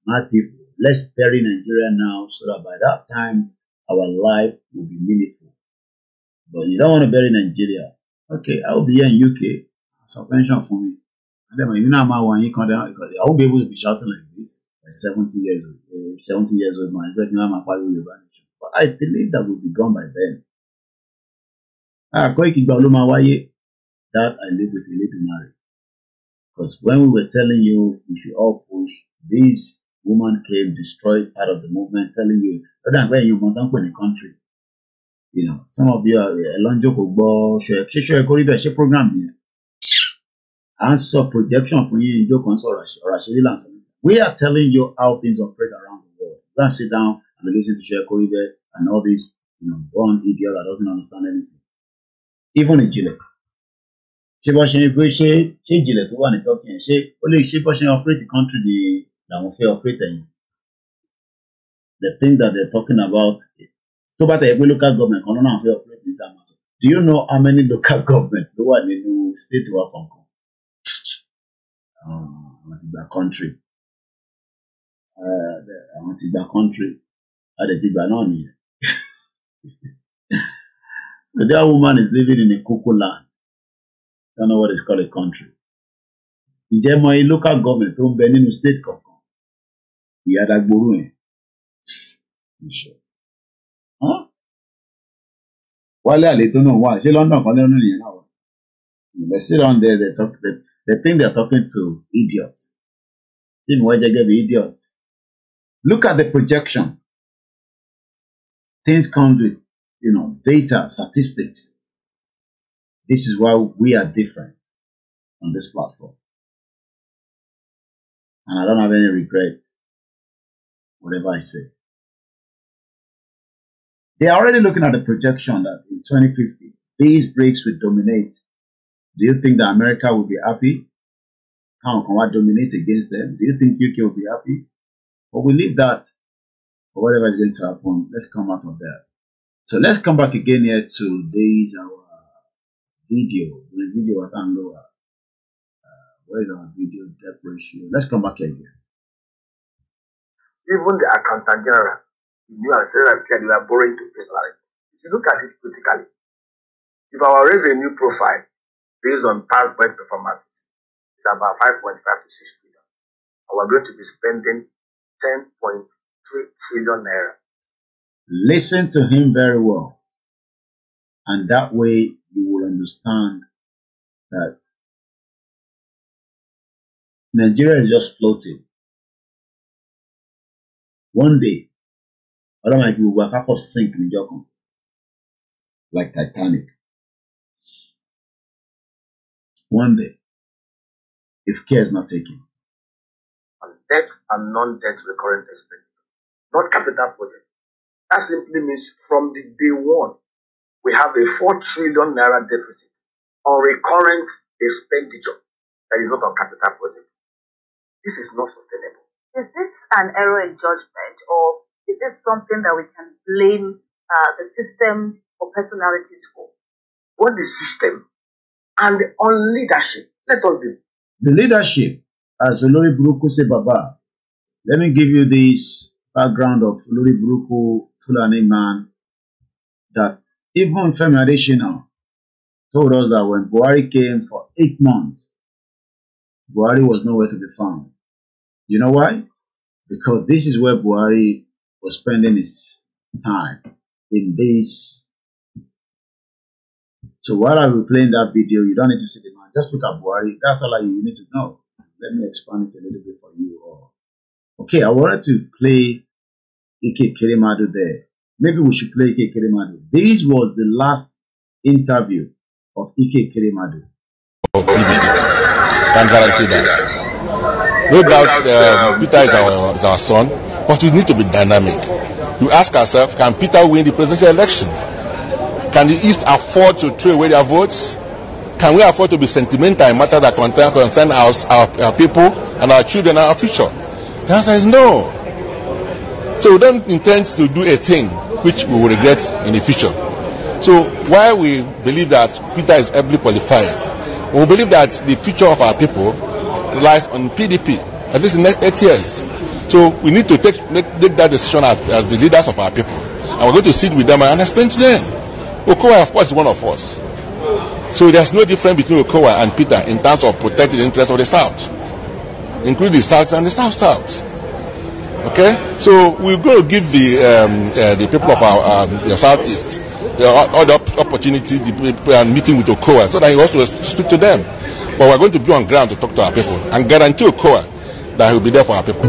My people, let's bury Nigeria now so that by that time our life will be meaningful. But you don't want to bury Nigeria. Okay, I will be here in UK. Subvention for me. Adam, you know my one, you come down because I won't be able to be shouting like this at 70 years old, uh, eh, 70 years old man. you know my father will vanish. But I believe that will be gone by then. Àkọ́ ah, ìkìgbà ló máa wáyé that I live with a little married. Because when we were telling you we should all push, this woman came, destroyed part of the movement, telling you, ọ̀dà àgbẹ̀ yìí mọ̀ tán in the country. You know, some of you are ẹ̀ lọ́njọ́ kò gbọ́ ṣe ṣe ṣe kórìbẹ̀ ṣe program here. And ń projection for you ìjọ kan sọ ọ̀rọ̀ àṣírí làǹsọ̀ we are telling you how things operate around the world go sit down and listen to share Kuribe and all these you know, one idiot that doesn't understand anything even ìjìnlẹ̀ ṣé bọ́ ṣe ń pé ṣé ṣé ìjìnlẹ̀ tó wà ní turkey yẹn ṣé ó lè ṣe bọ́ ṣe ń operate country ni làwọn fẹ́ operate ẹ̀yìn the thing that they are talking about tó bá tẹ̀yẹ pé local government kan lọ́nà àwọn fẹ́ operate ní sáà do you know how many local government ló wà nínú state wa kọ̀ọ̀kan àwọn um, ti gba country eh, àwọn ti gba country a dẹ̀ ti gbà náà nìyẹn so that woman is living in a cuckoo land I don't know what is called a country ìjẹ́mọ̀ in local government tó ń bẹ nínú state kọ̀ọ̀kan ìyá dagboru yẹn wálé àlétò náà wà ṣé London kan lẹ́nu nìyẹn náà wà they still on there they talk they They think they're talking to idiots. Tim they be idiots. Look at the projection. Things comes with, you know, data, statistics. This is why we are different on this platform. And I don't have any regret, whatever I say. They are already looking at the projection that in 2050, these BRICS will dominate do you think that America will be happy? How can we dominate against them? Do you think UK will be happy? But we leave that for whatever is going to happen. Let's come out of there. So let's come back again here to this our uh, video. The video at and lower. Uh, where is our video depth ratio? Let's come back here again. Even the accountant general you are said that they are boring to personality. If you look at it critically, if our revenue profile based on past bread performances is about 5.5 to 6 trillion. And we're going to be spending 10.3 trillion naira. Listen to him very well. And that way you will understand that Nigeria is just floating. One day, Ọlọ́run àti gbogbo akápọ̀ sink níjọ́ like Titanic. one day if care is not taken. And debt and non-debt recurrent expenditure, not capital project. That simply means from the day one, we have a 4 trillion naira deficit on recurrent expenditure that is not on capital project. This is not sustainable. Is this an error in judgment or is this something that we can blame uh, the system or personalities for? What the system and on leadership. Let us do. The leadership, as Olori Buruku said, Baba, let me give you this background of Olori Buruku Fulani man that even Femi Adesina told us that when Buhari came for eight months, Buhari was nowhere to be found. You know why? Because this is where Buhari was spending his time in this So while I'm playing that video, you don't need to see the man. Just look at Buhari. That's all you need to know. Let me expand it a little bit for you. All. Okay, I wanted to play Ike Kerimadu there. Maybe we should play Ike Kerimadu. This was the last interview of Ike Kerimadu. Can guarantee that. No doubt uh, Peter is our, is our son, but we need to be dynamic. You ask ourselves: can Peter win the presidential election? Can the East afford to throw away their votes? Can we afford to be sentimental in matters that concern our, our, our people and our children and our future? The answer is no. So we don't intend to do a thing which we will regret in the future. So why we believe that Peter is ably qualified, we believe that the future of our people relies on PDP, at least in the next eight years. So we need to take, make, that decision as, as the leaders of our people. And we're going to sit with them and explain to them Okowa, of course, is one of us. So there's no difference between Okowa and Peter in terms of protecting the interests of the South, including the South and the South South. Okay? So we're going to give the, um, uh, the people of our um, the Southeast the other opportunity and meeting with Okowa so that he also speak to them. But we're going to be on ground to talk to our people and guarantee Okowa that he'll be there for our people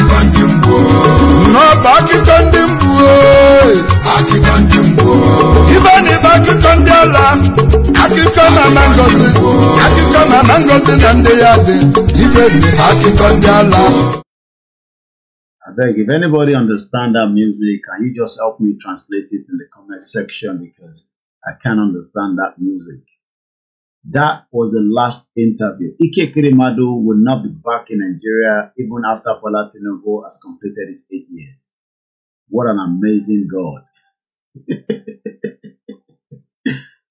akịba ndị mbụ n'ọba akịkọ ndị mbụ akịba ndị mbụ ibe na ibe akịkọ ndị ala akịkọ na na ngozi akịkọ na na ngozi na Beg, if anybody understand that music, can you just help me translate it in the comment section because I can't understand that music. That was the last interview. Ike Kirimadu will not be back in Nigeria even after Bola Tinubu has completed his eight years. What an amazing God.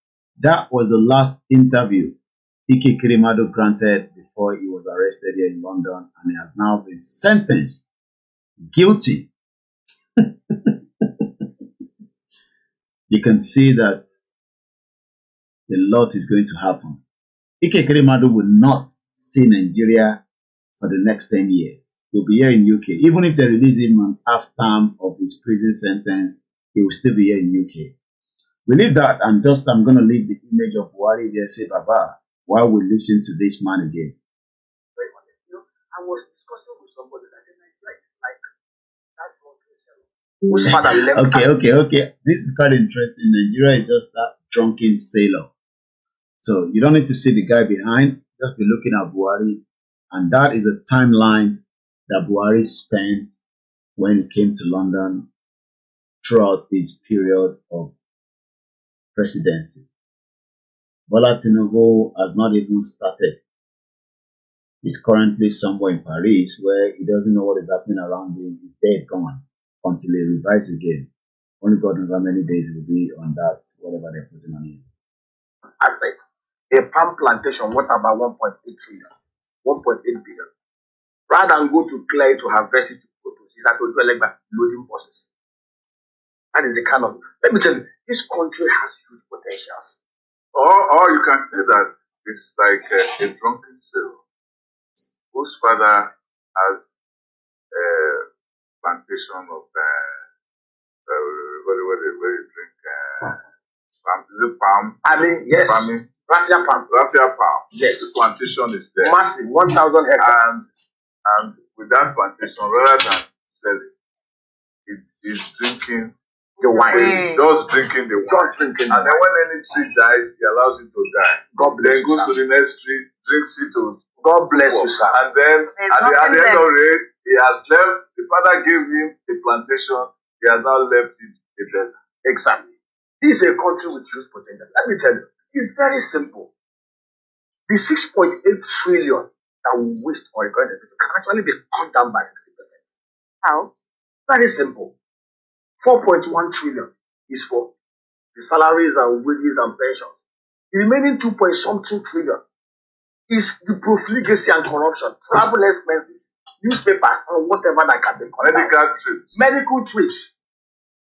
that was the last interview Ike Kirimadu granted before he was arrested here in London and he has now been sentenced guilty. you can see that the lot is going to happen. Ike Kerimadu will not see Nigeria for the next 10 years. He'll be here in UK. Even if they release him on half term of his prison sentence, he will still be here in UK. We leave that and just I'm going to leave the image of Buhari there, say Baba, while we listen to this man again. okay, okay, okay. This is quite interesting. Nigeria is just that drunken sailor. So you don't need to see the guy behind, just be looking at Buhari. And that is a timeline that Buhari spent when he came to London throughout his period of presidency. Bola has not even started. He's currently somewhere in Paris where he doesn't know what is happening around him. He's dead gone until he revives again. Only God knows how many days he will be on that, whatever they're putting on him assets. A palm plantation, what about 1.8 trillion? 1.8 billion. Rather than go to clay to harvest it to produce, it's actually like by loading buses? That is the kind of, let me tell you, this country has huge potentials. Or, or you can say that it's like a, a drunken sailor whose father has a plantation of, uh, uh, what, what, what, what, drink? Uh, is it palm? I mean, yes. Eh? Raffia palm. Raffia palm. Yes. The plantation is there. Massive, 1,000 hectares. And, and with that plantation, rather than selling, it is drinking the wine. Mm. Just drinking the wine. Just drinking the And then when any tree dies, he allows it to die. God bless Then goes to the next tree, drinks it to. God bless you, sir. And then at the, at the end of it, he has left. The father gave him a plantation. He has now left it a desert. Exactly. This is a country with huge potential. Let me tell you, it's very simple. The 6.8 trillion that we waste on recurrent can actually be cut down by 60%. How? Very simple. 4.1 trillion is for the salaries and wages and pensions. The remaining 2 something trillion is the profligacy and corruption, travel expenses, newspapers, and whatever that can be collected. Medical trips. Medical trips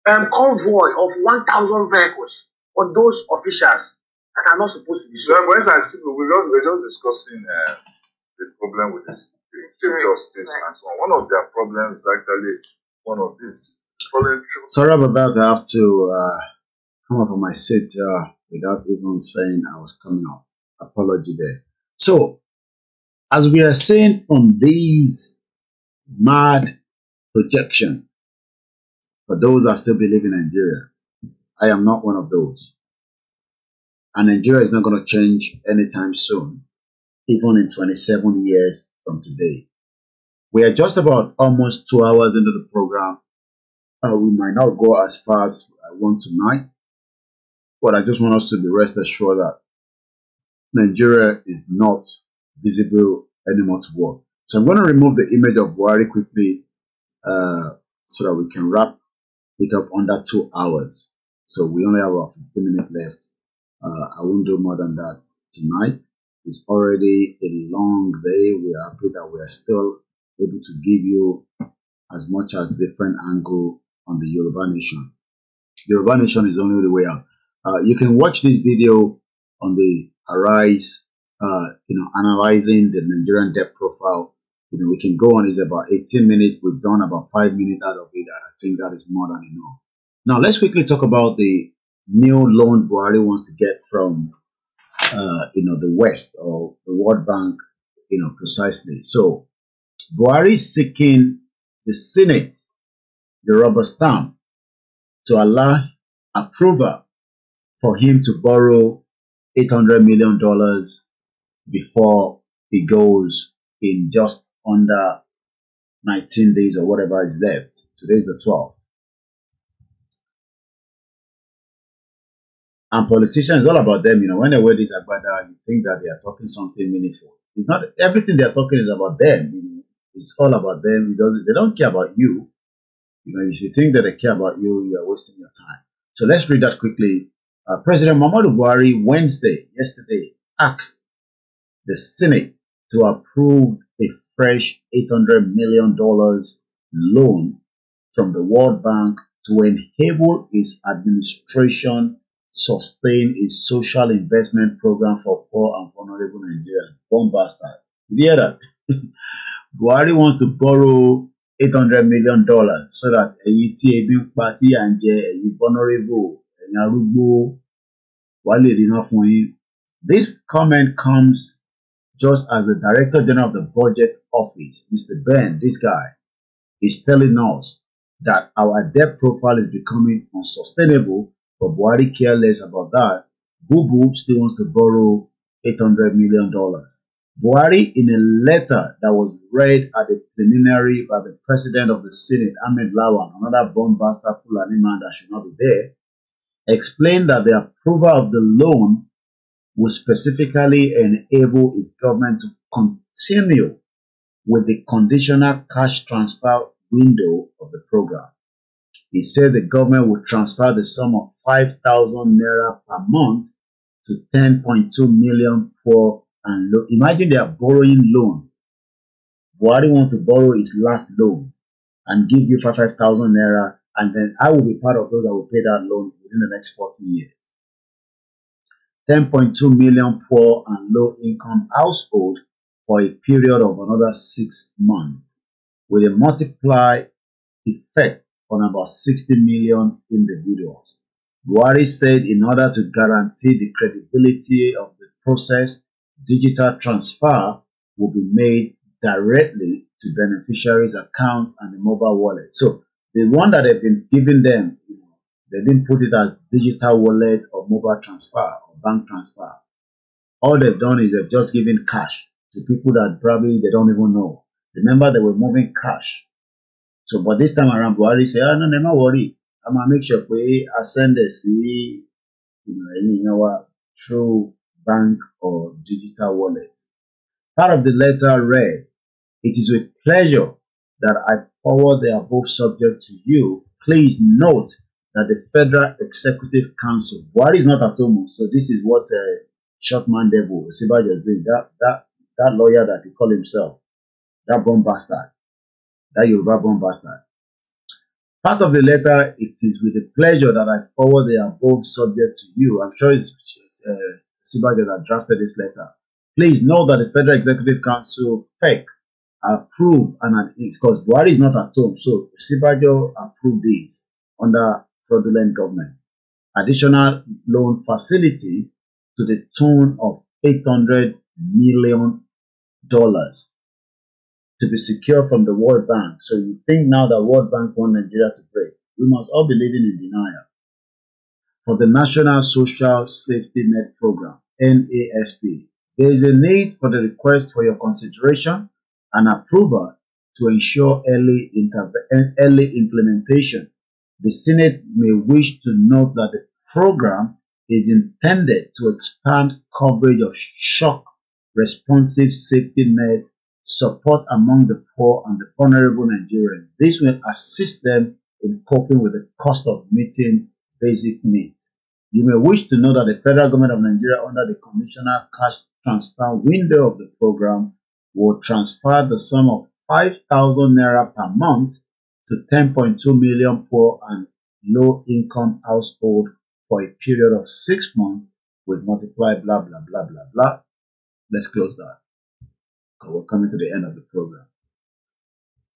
um, convoy of 1,000 vehicles for those officials that are not supposed to be. So, well, as I see, we were, we were just discussing uh, the problem with this, the justice right. and so on. One of their problems is actually one of these. Sorry about that. I have to uh, come up from my seat uh, without even saying I was coming up. Apology there. So, as we are saying from these mad projection but those that still believe in Nigeria, I am not one of those. And Nigeria is not going to change anytime soon, even in 27 years from today. We are just about almost two hours into the program. Uh, we might not go as far as I want tonight, but I just want us to be rest assured that Nigeria is not visible anymore to work. So I'm going to remove the image of Buhari quickly uh, so that we can wrap it up under two hours. So we only have about 15 minutes left. Uh, I won't do more than that tonight. It's already a long day. We are happy that we are still able to give you as much as different angle on the Yoruba Nation. Yoruba Nation is only the way out. Uh, you can watch this video on the Arise, uh, you know, analyzing the Nigerian debt profile you know, we can go on. It's about 18 minutes. We've done about five minutes out of it. I think that is more than enough. Now, let's quickly talk about the new loan Buhari wants to get from, uh, you know, the West or the World Bank, you know, precisely. So, Buhari is seeking the Senate, the rubber stamp, to allow approval for him to borrow $800 million before he goes in just under 19 days or whatever is left. Today is the 12th. And politicians, all about them, you know, when they wear this agbada, you think that they are talking something meaningful. It's not everything they are talking is about them. You know, it's all about them. It doesn't, they don't care about you. You know, if you think that they care about you, you are wasting your time. So let's read that quickly. Uh, President Muhammadu Buhari Wednesday, yesterday, asked the Senate to approve a fresh $800 million loan from the World Bank to enable its administration sustain its social investment program for poor and vulnerable Nigerians. Bomb bastard. Did you hear that? Buhari wants to borrow $800 million so that ẹ̀yin party and the pa tí the ń jẹ ẹ̀yin vulnerable ẹ̀yin arúgbó wà lè This comment comes just as the Director General of the Budget Office, Mr. Ben, this guy, is telling us that our debt profile is becoming unsustainable, but Buhari care less about that. Boo Boo still wants to borrow $800 million. Buhari, in a letter that was read at the preliminary by the President of the Senate, Ahmed Lawan, another bomb buster Fulani man that should not be there, explained that the approval of the loan will specifically enable its government to continue with the conditional cash transfer window of the program. He said the government would transfer the sum of 5,000 naira per month to 10.2 million poor and low. Imagine they are borrowing loan. Buhari wants to borrow his last loan and give you 5,000 naira, and then I will be part of those that will pay that loan within the next 40 years. 10.2 million poor and low-income households for a period of another six months, with a multiply effect on about 60 million individuals. Buhari said in order to guarantee the credibility of the process, digital transfer will be made directly to beneficiaries' account and the mobile wallet. So the one that they've been giving them, they didn't put it as digital wallet or mobile transfer bank transfer. All they've done is they've just given cash to people that probably they don't even know. Remember, they were moving cash. So, but this time around, Buhari said, oh, no, never worry. I'm going to make sure we send the CD you know, in our through bank or digital wallet. Part of the letter read, It is with pleasure that I forward the above subject to you. Please note that the Federal Executive Council, Buhari is not at home, so this is what uh, Shotman Devil, Sibajo is doing. That, that, that lawyer that he called himself, that bomb bastard, that Yoruba bomb bastard. Part of the letter, it is with the pleasure that I forward the above subject to you. I'm sure it's uh, that drafted this letter. Please note that the Federal Executive Council, FEC, approved and because Buhari is not at home, so Sibajo approved this under fraudulent government. Additional loan facility to the tune of $800 million to be secured from the World Bank. So you think now that World Bank want Nigeria to break. We must all be living in denial. For the National Social Safety Net Program, NASP, there is a need for the request for your consideration and approval to ensure early, early implementation the Senate may wish to note that the program is intended to expand coverage of shock responsive safety net support among the poor and the vulnerable Nigerians. This will assist them in coping with the cost of meeting basic needs. You may wish to know that the federal government of Nigeria, under the commissioner cash transfer window of the program, will transfer the sum of 5,000 naira per month to 10.2 million poor and low income household for a period of six months with multiply blah blah blah blah blah. Let's close that. We're coming to the end of the program.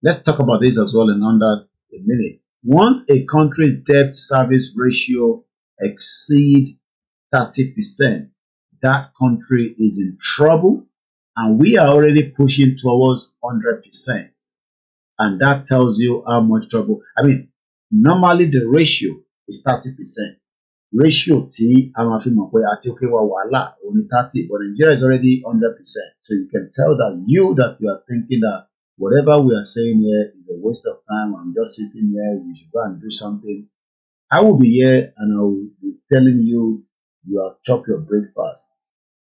Let's talk about this as well in under a minute. Once a country's debt service ratio exceed 30%, that country is in trouble and we are already pushing towards 100%. And that tells you how much trouble. I mean, normally the ratio is 30%. Ratio T, I'm a film where I think wala, only 30, but Nigeria is already 100%. So you can tell that you that you are thinking that whatever we are saying here is a waste of time. I'm just sitting here. You should go and do something. I will be here and I will be telling you you have chopped your breakfast.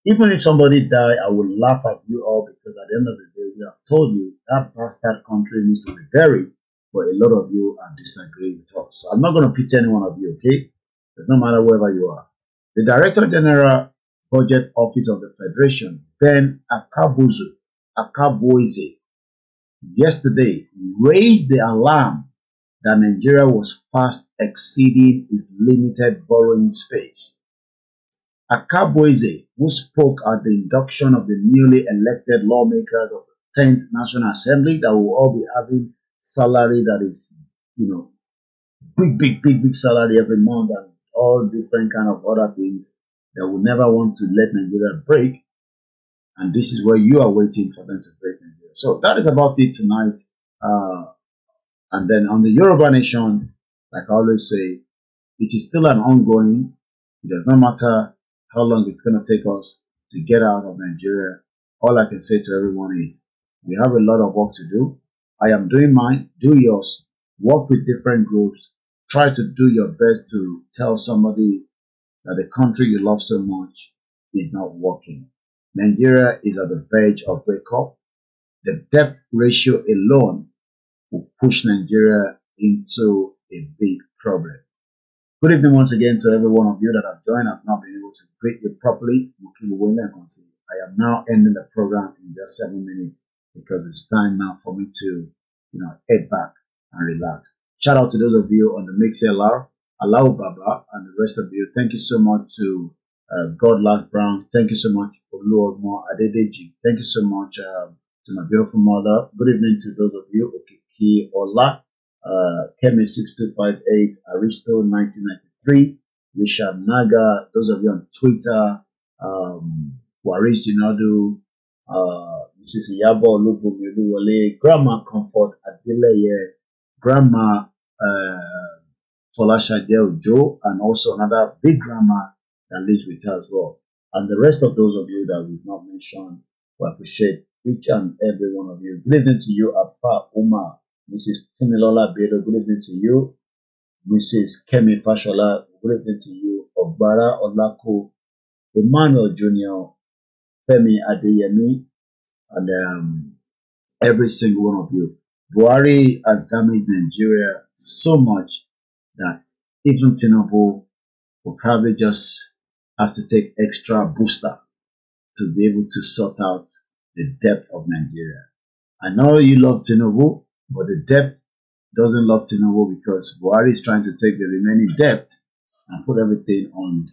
Even if somebody die, I will laugh at you all because at the end of the we have told you that bastard country needs to be buried, but a lot of you are disagreeing with us. So I'm not going to pity any one of you, okay? It's no matter wherever you are. The Director General Budget Office of the Federation, Ben Akabuzu, Akabuize, yesterday raised the alarm that Nigeria was fast exceeding its limited borrowing space. Akabuize, who spoke at the induction of the newly elected lawmakers of the 10th National Assembly that will all be having salary that is, you know, big, big, big, big salary every month and all different kind of other things that will never want to let Nigeria break. And this is where you are waiting for them to break Nigeria. So that is about it tonight. Uh, and then on the Yoruba Nation, like I always say, it is still an ongoing. It does not matter how long it's going to take us to get out of Nigeria. All I can say to everyone is we have a lot of work to do. I am doing mine, do yours. Work with different groups. Try to do your best to tell somebody that the country you love so much is not working. Nigeria is at the verge of breakup. The debt ratio alone will push Nigeria into a big problem. Good evening once again to every one of you that have joined. I've not been able to greet you properly. I am now ending the program in just seven minutes because it's time now for me to, you know, head back and relax. Shout out to those of you on the MixLR, Alau Baba, and the rest of you. Thank you so much to uh, God Love Brown. Thank you so much, for Oluomo Adedeji. Thank you so much uh, to my beautiful mother. Good evening to those of you, Okiki Ola, uh, Kemi6258, Aristo1993, Richard Naga, those of you on Twitter, um, Waris Jinadu, uh, Mrs. Iyabo Olubumi Oluwole, Grandma Comfort Adeleye, Grandma uh, Folashade Ojo, and also another big grandma that lives with her as well. And the rest of those of you that we've not mentioned, we appreciate each and every one of you. Good evening to you, Apa Uma, Mrs. Fumilola Bedo. Good evening to you, Mrs. Kemi Fashola. Good evening to you, Ogbara Olako, Emmanuel Jr., Femi Adeyemi, and um, every single one of you. Buhari has damaged Nigeria so much that even Tinubu will probably just have to take extra booster to be able to sort out the depth of Nigeria. I know you love Tinubu, but the depth doesn't love Tinubu because Buhari is trying to take the remaining depth and put everything on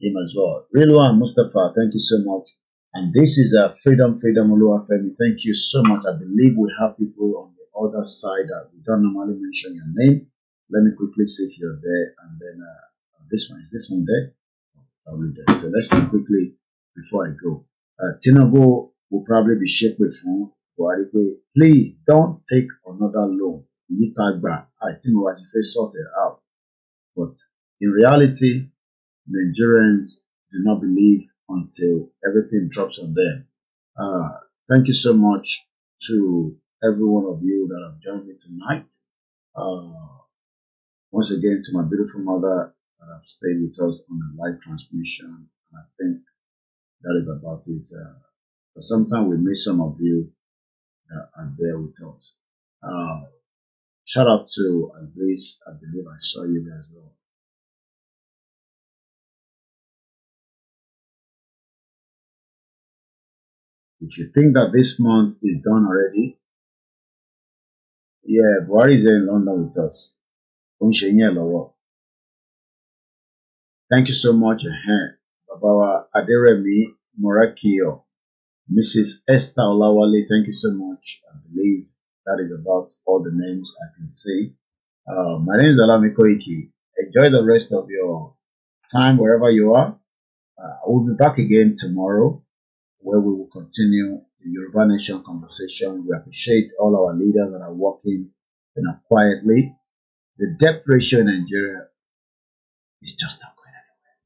him as well. Real one, Mustafa, thank you so much and this is a Freedom Freedom family. Thank you so much. I believe we have people on the other side that we don't normally mention your name. Let me quickly see if you're there. And then uh, oh, this one is this one there. Oh, probably there. So let's see quickly before I go. Uh, Tinobu will probably be shaped with phone. Please don't take another loan. I think we have to sort it out. But in reality, Nigerians do not believe until everything drops on them. Uh, thank you so much to every one of you that have joined me tonight. Uh, once again, to my beautiful mother that have stayed with us on the live transmission. And I think that is about it. Uh, but sometimes we miss some of you that are there with us. Uh, shout out to Aziz. I believe I saw you there as well. If you think that this month is done already, yeah, Buhari is in London with us. Thank you so much, Babawa Aderemi Morakio. Mrs. Esther Olawale, thank you so much. I believe that is about all the names I can see. Uh, my name is Alami Iki. Enjoy the rest of your time wherever you are. Uh, I will be back again tomorrow where we will continue the Yoruba Nation conversation. We appreciate all our leaders that are working you know, quietly. The debt ratio in Nigeria is just not going anywhere.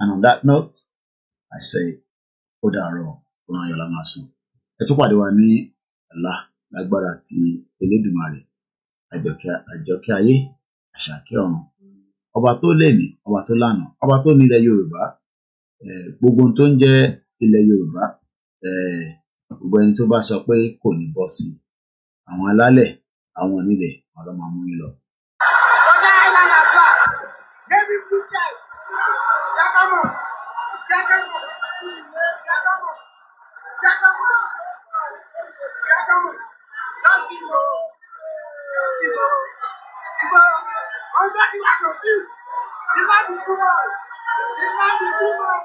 And on that note, I say, Odaro, Olanyola Masun. Ẹtúpàdé wa ní ọ̀la lágbára ti Elédùmarè, àjọkẹ́ ayé, àṣàkẹ́ ọ̀run. Ọba tó lè ní, ọba tó lánàá, ọba tó nílẹ̀ Yorùbá, gbogbo tó ilẹ̀ yorùbá gbogbo ẹni tó bá sọ pé kò ní bọ́ sí i àwọn alálẹ̀ àwọn onílẹ̀ wọn máa mú yín lọ. ọ̀gá island àgbà david richard jákàmọ̀ jákàmọ̀ jákàmọ̀ jákàmọ̀ jákàmọ̀ láti lọ ìbò ìbò ọjọ́ ìwà tó kí ìbá ti kú bọ̀ ìbá ti kú bọ̀.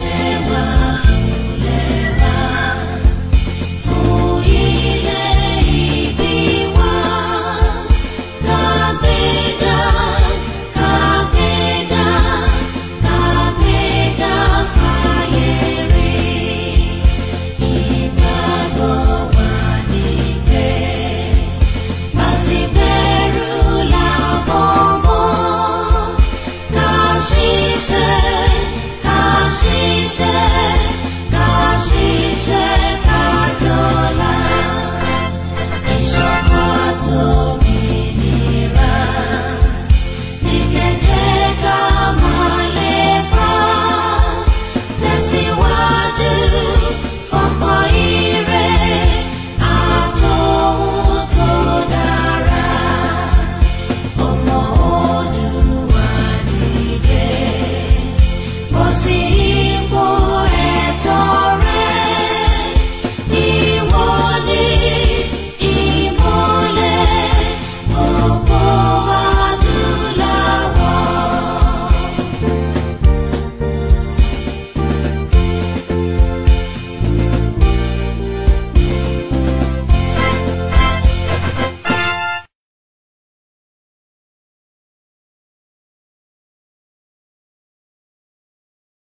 Thank you.